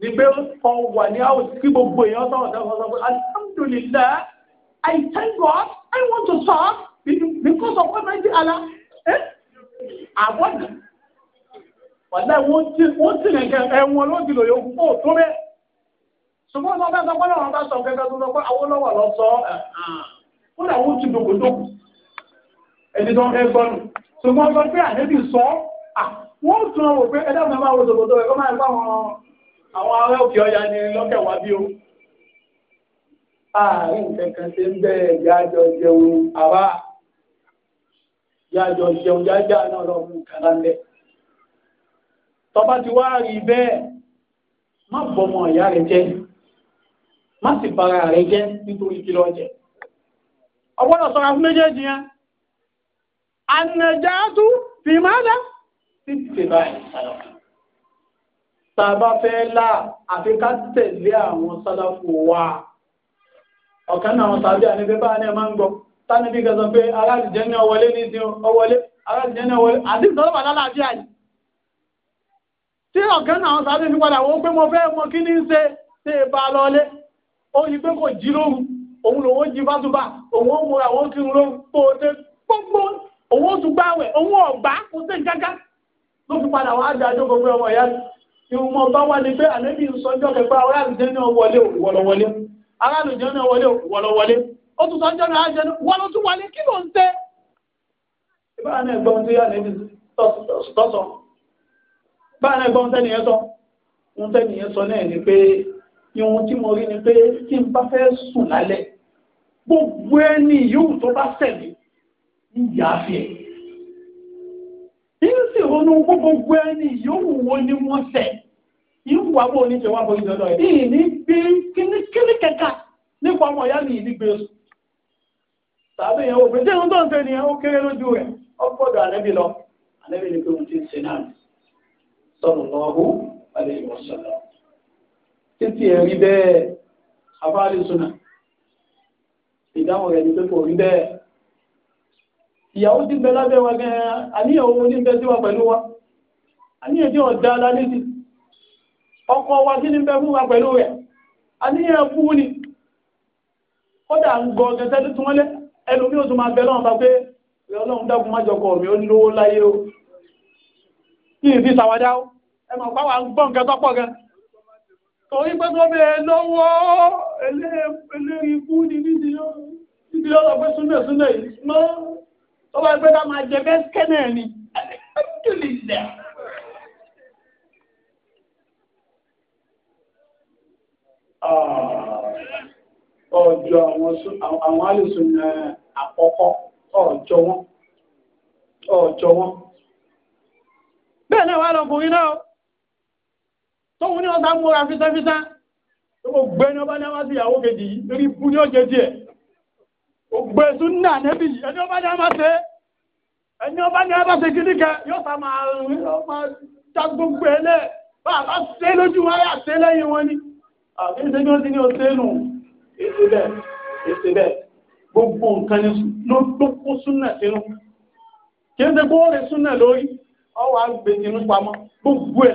[SPEAKER 1] ni pé kọ wà ní àwòsí kí gbogbo èèyàn sọ̀rọ̀ dáhùn sọ pé alhamdulillah I thank God I want to talk because of what I did Allah àbọ̀dà wọ́n ti wọ́n ti nìkan ẹ̀wọ̀n ló ti lò yóò kó tó bẹ́ẹ̀ ṣùgbọ́n ọmọ bá sọ pé àwọn bá sọ kẹkẹ tó sọ pé àwọn lọ́wọ́ lọ sọ ó dà wọ́n ti dòkòdòkò ẹni tó ń fẹ́ gbọ́nù ṣùgbọ́n sọ pé àdébì sọ wọ́n tún ọ wò pé ẹ̀dá mi máa wo dòkòdò ẹ̀kọ́ máa gbọ́ àwọn àwọn ará òkè ọ̀yà ni lọ́kẹ̀ wá bí o. àárín kankan ṣe ń bẹ ìyájọ jẹun àbá ìyájọ jẹun jájá náà lọ mú kàlá ń bẹ. tọ́ba ti wá rí bẹ́ẹ̀ má bọ́mọ ìyá rẹ̀ jẹ́ má sì bara rẹ jẹ́ nítorí kí lọ jẹ ọgbọ́dọ̀ sọra fún méjèèjì yẹn ànàjáàtú fi máa dá sí ti báyìí sálọ tá a bá fẹ́ là àfi ká tẹ̀lé àwọn sálàfù wa ọ̀kan náà tàbí àníbẹ́ bá ní ẹ ń gbọ́ tani bí gẹ̀ẹ́sọ pé aláàlìjẹ́ ní ọwọlé ní ti ọwọlé aláàlìjẹ́ ní ọwọlé àti ìsọ́lọ́pàá lálàáfíà yìí tí ọ̀kan náà tàbí fi padà wọ́n pé mo fẹ́ mọ kí ní ṣe ṣe bá ó yí pé kò jí lóru òun lòun ó jí bátúbà òun ó múra òun ó kírun lóru kó o tẹ gbogbo òun ó tún gbáwẹ̀ òun ọ̀gbá kó tẹ̀ gágá ló fi padà wá dájọ́ gbogbo ọmọ ìyá ìwọ̀n bá wà ní pé àlébí ìsọjọ́ kẹgbẹ́ aráàlùjẹ́ náà wọlé òwòlọ́wọlé aráàlùjẹ́ náà wọlé òwòlọ́wọlé ó tún sọjọ́ náà jẹ́ wọ́n ló tún wọlé kí ló ń tẹ́ báyìí náà gbọ́n tí àlébí tọ́sọ̀ báyìí náà gbọ́n tẹ́niyẹ sọ ń tẹ́niyẹ sọ náà ni pé ìhun tí mo rí ni pé tí n bá fẹ́ sùn lálẹ́ gbogbo ẹni yòówù tó bá sẹ̀mí ń yà á fi ẹ̀. yìí sì ronú gbogbo ẹni yòówù wo ni wọ́n sẹ̀ yìí wà bó ní jẹ́wọ́ àbọ̀ ìjọba ẹ̀. yìí ní gbé kíní kẹ̀kà nípa ọmọ ìyá mi ní gbé sùn. tàbí ìyẹn òfin tí ìhun tó ń fẹ́ ni ó kéré lójú rẹ̀ ó gbọ́dọ̀ ànẹ́bí lọ ànẹ́bí ni pé òun ti ń ṣe náà sọ̀rọ̀ lọ́wọ́ àlejò ọ̀sán lọ́wọ́ títí ẹ̀ rí bẹ́ẹ̀ afáàlì sùnà ìdáhùn rẹ̀ ní pé kò rí bẹ́ẹ̀ ìyàwó ti bẹ lábẹ́ wa gan-an àníyàn owó ní wa pẹ̀lú wa àníyàn tí ò da lálẹ́ sí ọkọ wa sí ní bẹ fún wa pẹ̀lú rẹ̀ àníyàn fún ni kódà ń gọ gẹ́gẹ́ tó tún wọlé ẹlòmí ò tún máa bẹ lọ́wọ́ bá pé ọlọ́run dákun má jọkọ̀ mi ó lówó láyé o kí n ń gbọ́ nǹkan torí pé tó bẹ́ẹ̀ lọ́wọ́ eléyìí ikú ni nídìí ọ̀rọ̀ pé súnlẹ̀ súnlẹ̀ yìí mọ́ tó bá gbé ká máa jẹ bẹ́ẹ̀ kẹ́nẹ̀ ni alhamdulillah. Ah, ọjọ́ àwọn alùsùn eh, àkọ́kọ́ ọjọ́ wọn ọjọ́ wọn. bẹ́ẹ̀ náà wà lọkùnrin náà tóun ní ọ̀sán múra físáfísá ó gbé ní ọba dáwà sí ìyàwó kejì yìí lórí ibú ní ọjẹ́ díẹ̀ ó gbé súnà nẹ́bí yìí ẹni ọba dáwà ṣe ẹni ọba ní ọba ṣe kíní kẹ yóò sá máa rìn ó máa já gbogbo ẹ lẹ bàbá ṣe lójú wa yà ṣe lẹ́yìn wọn ni àbí ṣe bí ó ti ní ọṣẹ nù èsì bẹ́ẹ̀ èsì bẹ́ẹ̀ gbogbo nǹkan ni ló kó súnà sínú kí n ṣe kó rè súnà lórí ọwọ́ àgbèsínú pamọ́ gbogbo ẹ̀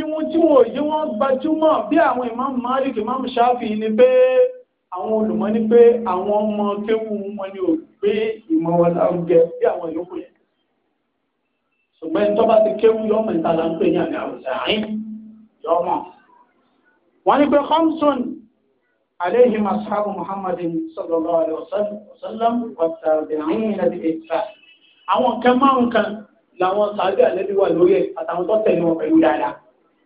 [SPEAKER 1] ìwọ̀n tí wọ́n yí wọ́n gbajúmọ̀ bí àwọn Imam Malik Imam Shafi ni pé àwọn olùmọ̀ ni pé àwọn ọmọ kéwu wọn ni ò gbé ìmọ̀ wọn lárugẹ bí àwọn yòókù yẹn ṣùgbọ́n ẹni tó bá ti kéwu yọmọ ìtàlá ń pè ní àmì àwùjọ àyín yọmọ wọn ni pé Khamsun عليهم أصحاب محمد صلى الله عليه وسلم والتابعين بإحسان àwọn kan márùn kan làwọn sàábé àlẹ́bí wà lórí àtàwọn tó tẹ̀lé wọn pẹ̀lú dáadáa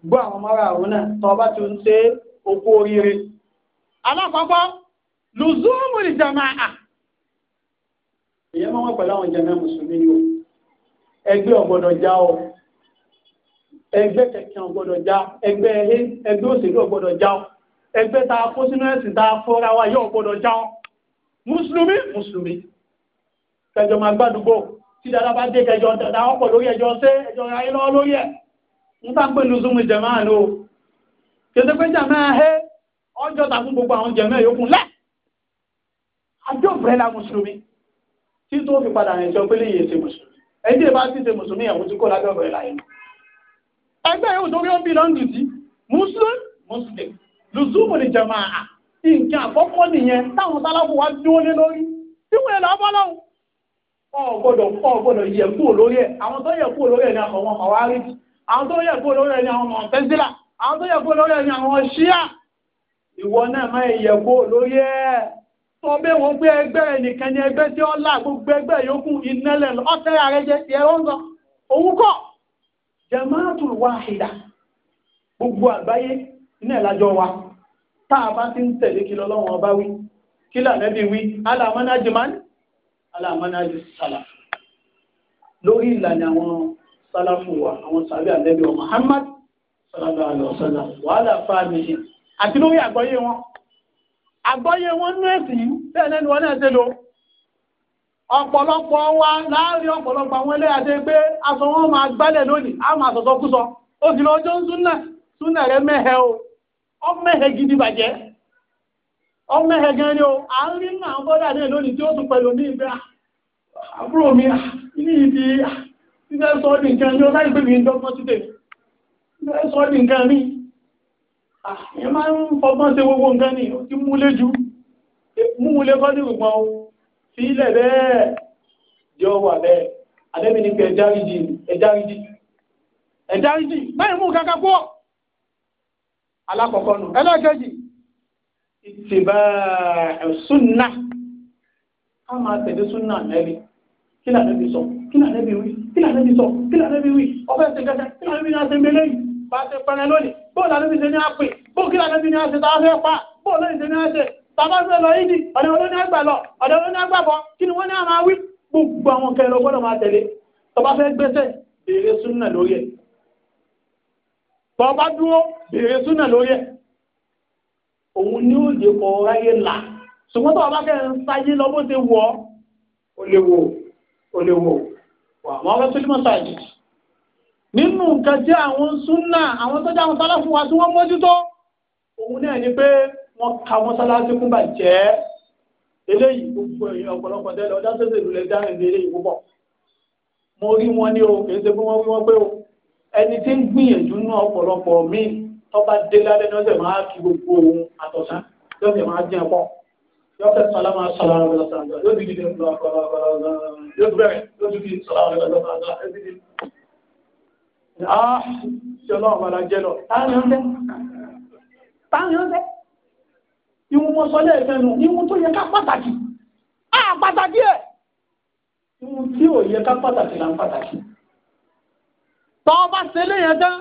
[SPEAKER 1] gbọ́ àwọn mọ́ra àwọn náà tọ́ bá ti ń ṣe okú oríire alákọ̀ọ́kọ́ lùzúmù ìjàmáà ìyẹn wọ́n pẹ̀lú àwọn jàmáà mùsùlùmí ni o ẹgbẹ́ ọ̀gbọ́dọ̀ já o ẹgbẹ́ kẹ̀kẹ́ ọ̀gbọ́dọ̀ já ẹgbẹ́ ẹgbẹ́ òṣèlú ọ̀gbọ́dọ̀ já o ẹgbẹ́ tá a kó sínú ẹ̀sìn tá a fọ́ra wa yóò gbọ́dọ̀ já o mùsùlùmí mùsùlùmí kẹjọ máa gbádùgbò tí dáadáa bá dé kẹjọ dáadáa ọ̀pọ̀ nípa pé lùsùmù jẹ̀mọ́ àná o kẹsẹ̀ pé jẹ̀mọ́ ahẹ́ ọjọ́ ta fún gbogbo àwọn jẹ̀mọ́ yòókù lẹ́ àjọ bẹ̀rẹ̀lá mùsùlùmí tí tó fi padà rìn jọ pé lè yẹ se mùsùlùmí ẹ̀dí ìbá ti ṣe mùsùlùmí ẹ̀wọ̀n tí kò lábẹ́ bẹ̀rẹ̀lá yẹn ẹgbẹ́ yóò torí ó bí lọ́ndì sí mùsùlùm mùsùlùm lùsùmù ni jẹ̀mọ́ à nǹkan àkọ́kọ́ nìyẹn táwọn tálábù wa dúró lé lórí tí wọ́n lọ́ bọ́lọ́hùn ọ̀gbọ́dọ̀ ọ̀gbọ́dọ̀ yẹ̀ kúrò lórí ẹ̀ àwọn tó yẹ̀ kúrò lórí ẹ̀ ni àwọn ọmọ àwárí àwọn tó yẹ kó lórí ẹni àwọn mọ̀tẹ́sílà àwọn tó yẹ kó lórí ẹni àwọn ṣíà ìwọ náà máa yẹ kó lórí ẹ̀ tó bẹ́ wọn pé ẹgbẹ́ rẹ̀ ni ẹgbẹ́ tí ó là gbogbo ẹgbẹ́ yòókù ìnẹlẹ̀ ọ̀tẹ́ ààrẹ jẹ ti ẹ̀rọ ń sọ òun kọ́ jamaatul wahida gbogbo àgbáyé iná ìlàjọ wa tá a bá ti ń tẹ̀lé kí lọ́lọ́wọ́n ọba wí kí lànàbí wí alamanajiman alamanajisala lórí ìlànà àwọn sálàfù wa àwọn sàbí àlẹ́bí wa Muhammad sallallahu alaihi wasallam wàhálà fáàmìlì àti wọn àgbọ́yé wọn nú ẹ̀sìn yìí bẹ́ẹ̀ lẹ́nu wọn ọ̀pọ̀lọpọ̀ wa láàárín ọ̀pọ̀lọpọ̀ àwọn ẹlẹ́yà dé pé aṣọ wọn máa gbálẹ̀ lónìí á máa sọ̀tọ̀ kú sọ ó sì lọ rẹ mẹ́hẹ o ọ mẹ́hẹ gidi bàjẹ́ ọ mẹ́hẹ gan o à ń rí nínú àwọn bọ́dà náà lónìí tí ó tún pẹ̀lú ìfẹ́ sọ ọ́ di nǹkan ní ọláyìí pé mi ń dọ́gbọ́n sí tèmi ìfẹ́ sọ ọ́ di nǹkan mi àyẹ̀ ah, máa ń fọgbọ́n ṣe gbogbo nǹkan ni ó ti múlé ju múlé kọ́ ní gbùgbọ́n fi ilẹ̀ bẹ́ẹ̀ jọ wà bẹ́ẹ̀ àdẹ́bí ni pé ẹ̀dáríjì ẹ̀dáríjì ẹ̀dáríjì báyìí mú kankan pọ̀ alákọ̀ọ́kọ́ nù ẹlẹ́kẹ̀ẹ́jì ìtìbà ẹ̀sùnà ká máa tẹ̀lé súnà nẹ́bí kí lànà bí sọ kí lànà kílà níbi sọ kílà níbi wí ọfẹ́ ṣe gẹ́gẹ́ kílà níbi ní a ṣe ń belé yìí bá a ṣe pẹrẹ lónìí bó lànà níbi ṣe ní a pè bó kílà níbi ní a ṣe tá a fẹ́ pa bó lónìí ṣe ní a ṣe tàbá fẹ́ lọ yìí ni ọ̀dọ̀ olóní àgbà lọ ọ̀dọ̀ olóní àgbà bọ̀ kí ni wọ́n ní àmà wí gbogbo àwọn kẹrẹ ọgbọ́dọ̀ máa tẹ̀lé tọba fẹ́ wà mọ́ ọ́rọ́ sílùmọ́ sáàjì nínú nǹkan tí àwọn súnà àwọn tó jẹ́ àwọn sálàfù wa tí wọ́n mójútó òun náà ni pé wọ́n ka mọ́sálásí kún bàjẹ́ eléyìí gbogbo èèyàn ọ̀pọ̀lọpọ̀ tẹ́lẹ̀ ọjọ́ tó tẹ̀lé lẹ́ dáhùn ní eléyìí púpọ̀ mo rí wọn ní o kì í ṣe pé wọ́n wí wọ́n pé o ẹni tí ń gbìyànjú náà ọ̀pọ̀lọpọ̀ míì tó bá dé lálẹ́ yọ́kẹ́ sọlámà sọlámà lọ sàǹdà yóò di dídé ńlọ ọ̀pọ̀lọpọ̀ yóò tún bẹ̀rẹ̀ yóò tún di sọlámà lọ sàǹdà ẹbí di. ah ṣe ọlọ́run padà jẹ lọ táyà ń bẹ táyà ń bẹ ìwọ̀n mọ sọ lẹ́ẹ̀kan nù ìwọ̀n tó yẹ ká pàtàkì á pàtàkì ẹ̀ ìwọ̀n tí ò yẹ ká pàtàkì là ń pàtàkì. tọ́ ọ bá ṣe léyìn tán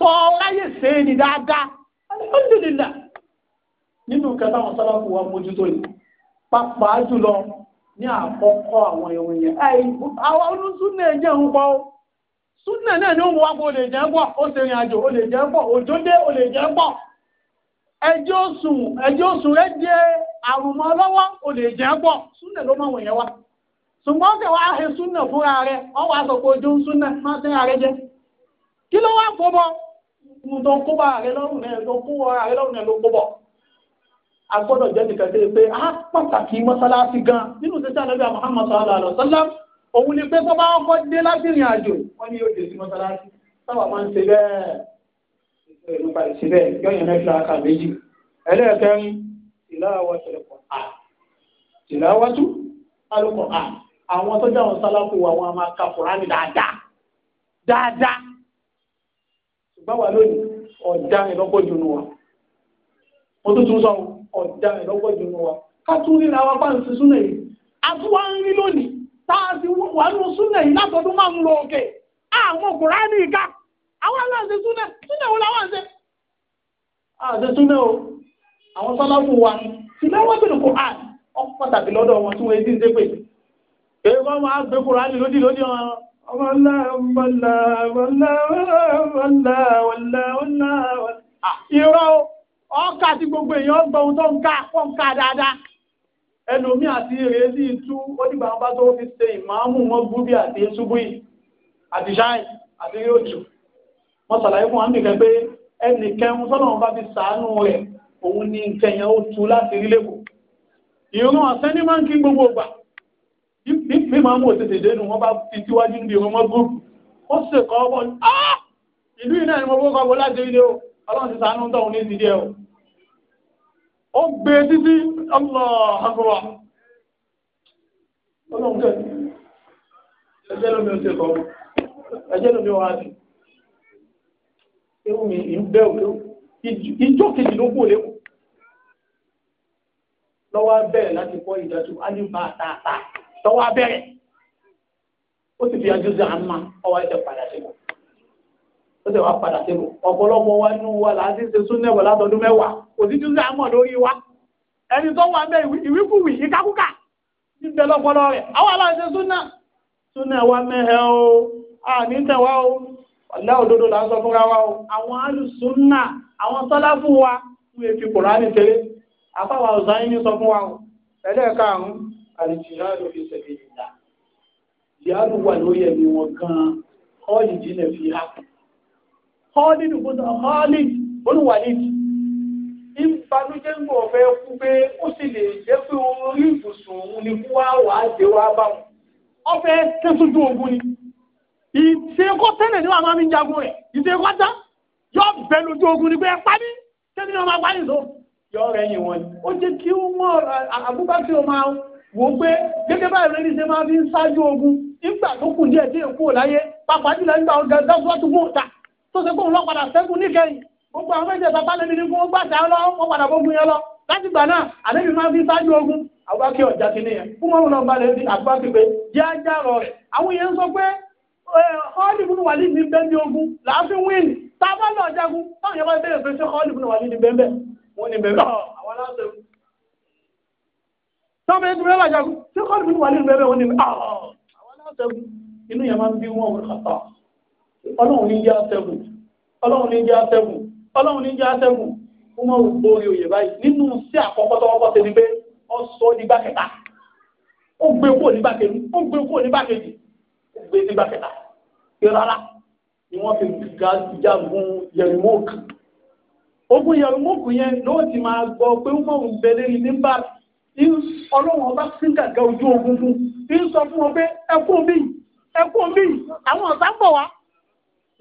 [SPEAKER 1] tọ́ ọ ráyè ṣe é ní dáadáa nínú kẹta àwọn sábàbù wa mójútó yìí pápá jùlọ ní àkọ́kọ́ àwọn ìwọ̀n yẹn. àwọn olùsúnnà ẹ̀jẹ̀ ń pọ̀ ó súnnà náà ni ó mú wá pé o lè jẹ́ pọ̀ ó ṣe rìn àjò o lè jẹ́ pọ̀ òjò dé o lè jẹ́ pọ̀ ẹjọ́ sùn ẹjọ́ sùn rẹ jẹ́ àrùnmọ́ lọ́wọ́ o lè jẹ́ pọ̀ súnnà ló máa wọ̀nyẹn wá ṣùgbọ́n ọ̀sẹ̀ wàá he súnà fúnra rẹ̀ wọ́n wàá sọ pé ojú ń súnà máa sẹ́yìn ààrẹ jẹ́ kí ló wá kó bọ́ mo tó kó bọ́ ààrẹ lọ́rùn rẹ̀ ló a gbọ́dọ̀ jẹ́ nìkan tẹ́ pé a ah, pàtàkì mọ́sálásí gan nínú tẹ́tẹ́ àlọ́bí Muhammad sallallahu alaihi wasallam òun ni pé tó bá kọ́ dé láti rìn àjò wọ́n ní yóò dé sí mọ́sálásí sábà máa ń ṣe bẹ́ẹ̀ ìlú ba ìṣe bẹ́ẹ̀ yọ̀yàn náà fìlà ká méjì ẹlẹ́ẹ̀kẹrin tìláwàtú alùpùpù àwọn tó dáhùn sálápù àwọn a máa ka Kùránì dáadáa dáadáa ṣùgbọ́n wà lónìí ọ̀daràn lọ́pọ̀ jù nù wọn. mo tún tún sọ wọn ọ̀dà ìlọ́gbọ̀jù wa ká tún ríra wa bá ń sin súnà yìí àtúwá ń rí lónìí tá a ti wà nù súnà yìí látọdún máa ń lọ òkè àwọn Kùránì ìka àwọn aláǹsẹ súnà súnà wo làwọn àǹsẹ. àǹsẹ súnà o àwọn sọláfù wa tìlẹ́wọ́ pẹ̀lú kò hàn ọkọ̀ pàtàkì lọ́dọ̀ wọn tí wọ́n ti ń dé pè. èyí wọ́n máa gbé Kùránì lódì lódì wọn ọmọlá ọmọlá ọmọlá ọmọlá ọmọlá ọmọlá ọ̀ka tí gbogbo èèyàn gbọ́ ohun tó ń ká pọ̀ ń ká dáadáa ẹlòmí àti èrè sí ìtú ó dìgbà wọn bá tó fi ṣe ìmáàmù wọn gúbí àti ṣubú yìí àti ṣáì àti rí òjò wọn ṣàlàyé fún wa nìkan pé ẹnìkẹrin sọ́nà wọn bá fi ṣàánú rẹ̀ òun ni nkẹyìn ó tu láti rí lẹ́kọ̀ọ́ ìrún ọ̀sẹ́ ní máa ń kí gbogbo ìgbà bí màmú òtètè dénú wọn bá fi tíwájú níbi ìrún wọn gúrú ó sì kọ́ ọ́ bọ́ ìlú yìí náà ó gbé títí ọlọ́ọ̀hánúwà ọlọ́ọ̀kẹ́ ẹjẹ́ lómi ó tẹ́kọ̀ọ́ ẹjẹ́ lómi ó wájú ewu mi ìbẹ́ òkú ìjọ kejì ló kú léwu lọ́wọ́ bẹ̀rẹ̀ láti kọ́ ìdájú alíbà tààtà lọ́wọ́ bẹ̀rẹ̀ ó sì fi ajú sí àmà ọwọ́ ẹ̀jẹ̀ padà ó sì wá padà sínú ọ̀pọ̀lọpọ̀ wa inú wa là á sì ṣe súnẹ̀wọ̀ látọdún mẹ́wàá kò sí júṣe àmọ̀ lórí wa ẹni tó wà bẹ́ẹ̀ ìwíkúwì ìkákúkà níbẹ̀ lọ́pọ̀lọ rẹ̀ àwọn aláṣẹ súnà súnà wa mẹ́hẹ́ o àní tẹ̀wá o ọ̀lẹ́ òdodo là ń sọ fúnra wa o àwọn alùsúnà àwọn sọ́láfù wa fún èfi kùránì tẹ́lẹ̀ àfáwà ọ̀sán yín sọ fún wa o ẹlẹ́ẹ̀karùn-ún àlùjìyà fi hàn Khalid gbọ́dọ̀ Khalid olùwàlid ìbànújẹ́ ń bọ̀ fẹ́ kú pé ó sì lè jẹ́ pé orí ibùsùn òun ni kú wá wà á dé wá bá wọn ọfẹ́ tẹ́sójú ogun ni ìṣèkọ́ tẹ́lẹ̀ ní wàá máa ń jagun rẹ̀ ìṣèkọ́ tá yọ bẹ lójú ogun ni pé ẹ pa mí tẹ́lẹ̀ náà máa pa nìṣó yọ rẹ̀ yìn wọ́n ni ó jẹ́ kí ó mọ àbúkásí ó máa wò pé gẹ́gẹ́ báyìí lórí ṣe máa fi ń ṣáájú ogun nígbà tó kù díẹ̀ tí èkó láyé pàpàdé lẹ́gbàá ọ̀gá tó ṣe kóun lọ padà sẹ́kù níkẹyìn gbogbo àwọn méjèèjì bàbá lẹ́ni ní fún gbàtà lọ wọ́n padà gbógun yẹn lọ láti gbà náà àlébi máa fi ṣáájú ogun àbúrákẹ́ ọ̀já ti níyẹn fún mọ́rún náà balẹ̀ bí àbúrákẹ́ pé jẹ́ ajá rọ rẹ̀ àwọn èèyàn sọ pé ọ́ọ́lì fún wàlí ní bẹ́ẹ̀ ogun làáfin wíìn tá a bá lọ jagun táwọn yẹn bá bẹ̀rẹ̀ pé ṣé ọ́ọ́lì fún wàlí ní bẹ́ẹ̀ wọ́n ní bẹ́ẹ̀ àwọn aláṣẹ tọ́bẹ̀ ẹ̀ tìmẹ́lá jagun ṣé ọ́ọ́lì fún wàlí ní bẹ́ẹ̀ wọ́n ní bẹ́ẹ̀ àwọn aláṣẹ inú yẹn máa ń bí wọn òun kàtọ́ ọlọ́run ní jẹ́ àṣẹ́gun ọlọ́run ní jẹ́ àṣẹ́gun ọlọ́run ní jẹ́ àṣẹ́gun ó mọ̀ ògbó orí òye báyìí nínú sí àkọ́kọ́ tọwọ́kọ́ ṣe ni pé ó sọ nígbà kẹta ó gbé kúrò nígbà kejì ó gbé kúrò nígbà kejì ó gbé nígbà kẹta rárá ni wọ́n fi jagun yẹ̀rùmọ́ọ̀kù ogun yẹ̀rùmọ́ọ̀kù yẹn ló ti máa gbọ́ pé ó mọ̀ òun bẹ̀rẹ̀ ní nígbà ọlọ́run ọba sí gàgà ojú ogun fún ń sọ fún wọn pé ẹkún bíi ẹkún bíi àwọn ọ̀sán pọ̀ wá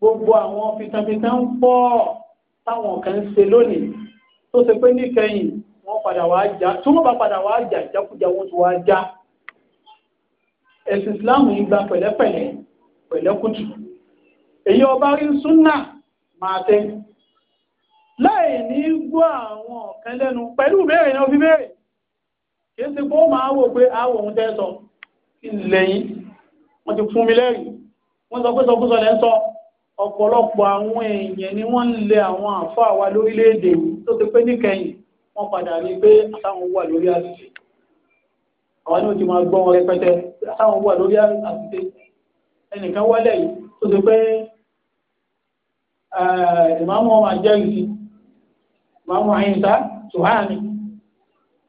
[SPEAKER 1] gbogbo àwọn fìtàfìtà ń pọ̀ táwọn kan ń ṣe lónìí tó ṣe pé níkẹyìn wọ́n padà wá já tí wọ́n bá padà wá já jákújá wọn ti wá já ẹ̀sìn ìsìláàmù yìí gba pẹ̀lẹ́pẹ̀lẹ́ pẹ̀lẹ́kùtù èyí ọba rí súnà máa tẹ́ láì ní gbọ́ àwọn ọ̀kan lẹ́nu pẹ̀lú ìbéèrè náà fi béèrè kì í ṣe pé ó máa wò pé àwọ̀ òun tẹ́ sọ kí lẹ́yìn wọ́n ti fún mi lẹ́rìí wọ́n sọ pé sọkúsọ lẹ́ ń sọ ọ̀pọ̀lọpọ̀ àwọn èèyàn ni wọ́n ń lé àwọn àfáà wa lórílẹ̀‐èdè tó ti pé níkẹyìn wọ́n padà rí pé àtàwọn wà lórí àṣìṣe àwọn náà ti máa gbọ́ wọn rẹpẹtẹ àtàwọn wà lórí àṣìṣe ẹnìkan wálẹ̀ yìí tó ti pé eh, ìmáàmù ọmọ àjẹrìsì ìmáàmù àyìnṣá tùhánì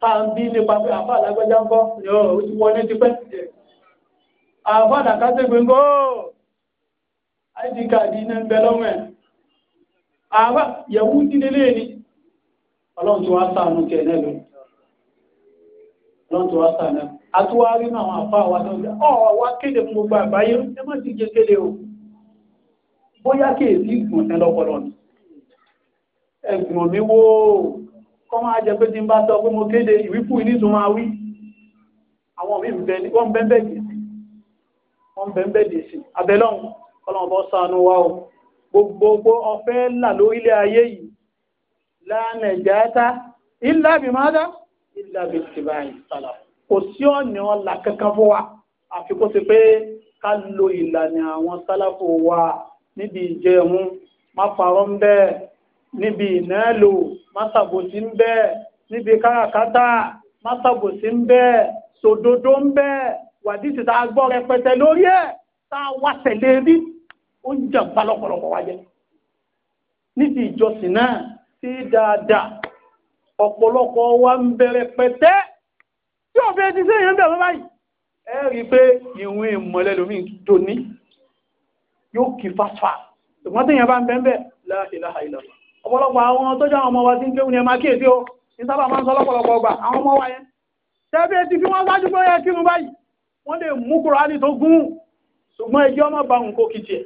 [SPEAKER 1] tá à ń bí nípa pé àfáà lágbájá ń kọ́ ni ó ti wọlé tipẹ́ àfáà dàkásẹ́gbẹ̀ id card iná ń bẹ lọ́wọ́ ẹ̀ àbá yẹ̀wú dídélé ni ọlọ́run tí wàá wa tó ń bẹ ọ wá kéde fún gbogbo àgbáyé ẹ má ti jẹ kéde o bóyá kéèsì ìgbọ̀nsẹ̀ lọ́pọ̀lọ́ ni ẹgbùn mi wó kọ́ máa jẹ pé tí wọ́n bẹ́ẹ̀ bẹ́ẹ̀ sí abẹ́lọ́hùn ọlọ́run bọ́ ṣàánú wa o gbogbogbò ọ̀fẹ́ là lórílẹ̀ ayé yìí lánàá jáátá illa bi mada illa bi tibai salaf kò sí ọ̀nà ọ̀la kankan fún wa àfi kó ti pé ká lo ìlànà àwọn sálàfò wa níbi ìjẹun má parọ́ ń bẹ́ẹ̀ níbi ìnáàlò má ṣàbòsí ń bẹ́ẹ̀ níbi káràkátà má ṣàbòsí ń bẹ́ẹ̀ sòdodo ń bẹ́ẹ̀ wàdí ti ta gbọ́ rẹpẹtẹ lórí ẹ̀ tá a wá tẹ̀lé rí ó ń jàǹfà lọ́pọ̀lọpọ̀ wáyé níbi ìjọsìn náà sí dáadáa ọ̀pọ̀lọpọ̀ wa ń bẹ̀rẹ̀ pẹ̀tẹ́ tí òfin ti sẹ́yìn ń bẹ̀rẹ̀ báyìí ẹ rí i pé ìwé ìmọ̀lẹ́ lómi tó ní yóò kí fàfà ṣùgbọ́n téèyàn bá ń bẹ́ẹ̀ bẹ́ẹ̀ láìláha ìlànà ọ̀pọ̀lọpọ̀ àwọn tó jẹ́ ọmọ wa tí ń kéwù ní ẹ máa kíyèsí o ní sábà máa ń sọ lọ́pọ̀lọpọ̀ ọgbà àwọn ọmọ wa yẹn tẹ́bí etí fi wọ́n ṣáájú pé ó yẹ kírun báyìí wọ́n lè mú Kùránì tó gún ṣùgbọ́n ẹjọ́ ọmọ bá òun kìtì ẹ̀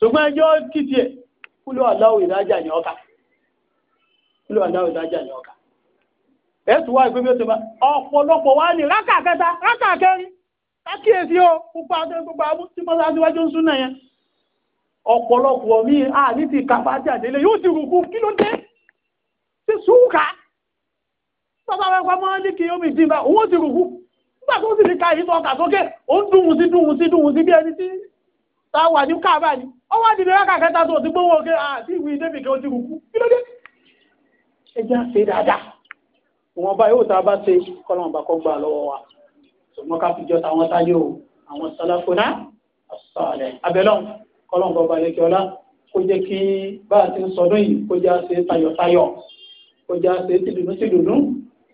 [SPEAKER 1] ṣùgbọ́n ẹjọ́ kìtì ẹ̀ kúlò aláwò ìdájà ní ọkà kúlò aláwò ìdájà ní ọkà ẹ̀sùn wá ìgbé bí ó ti máa ọ̀pọ̀lọpọ̀ wá ní rákà kẹta rákà kẹrin kákíyèsí o púpọ̀ àti gbogbo àbú tí mọ́sá síwájú ń súnà yẹn ọ̀pọ̀lọpọ̀ mi àní ti kàfá jàdélé yóò ti rùkú kí ló dé ti súnkà bàbá wa pa mọ́ ní kí omi dín bá òun ó ti rùkú nígbà tó sì ti ka yìí sọ ọkà sókè ó ń dùn sí dùn sí dùn sí bí ẹni tí táwa ní káàbà ni ó wá dìde rákà kẹta tó ti gbówó oké àti ah, ìwé débì kan ti rùkú kí ló dé ẹ jẹ́ àṣẹ dáadáa ìwọ̀n bá yóò tá a bá ṣe kọ́lọ́n bá kọ́ gbà lọ́wọ́ wa ṣùgbọ́n ká fi jọ tàwọn táyé o àwọn sálàfóná àṣàlẹ̀ abẹ́lọ́n kọ́lọ́n bá balẹ̀ kí ọlá kó jẹ́ kí bá a ti ń sọdún yìí kó jẹ́ àṣẹ tayọ̀tayọ̀ kó jẹ́ àṣẹ tìdùnú tìdùnú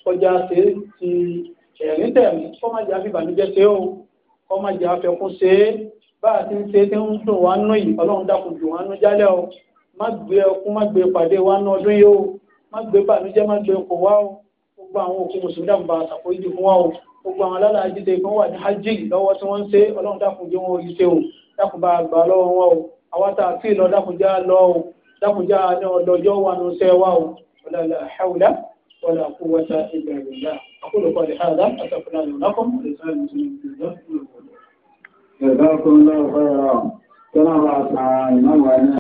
[SPEAKER 1] kó jẹ́ àṣẹ ti ẹ̀rín tẹ̀rín kó má jẹ́ àfibànújẹ́ ṣe o kó má jẹ́ àfẹkún ṣe é bá a ti ń ṣe tí ń dùn wá nú yìí ọlọ́run dákun dùn wá nú jálẹ̀ o má gbé ẹkún má gbé pàdé wá nú ọdún yìí o má gbé bànújẹ́ má gbé ọkọ̀ wá o gbogbo àwọn òkú mùsùlùmí dàmú bá àṣàkóyè fún wa o gbogbo àwọn alálàájì tẹ ìpín wà ní hajj lọ́wọ́ tí wọ́n ń ṣe ọlọ́run dákun jẹ́ wọn oríṣẹ́ o dákun bá a gbà lọ́wọ́ wọn o àwa tá a fi lọ dákun já lọ o dákun já lọ́jọ́ wà nù sẹ́ wa o wala hawla
[SPEAKER 2] 这个工作是啊，
[SPEAKER 1] 挣了不少钱，那么呢？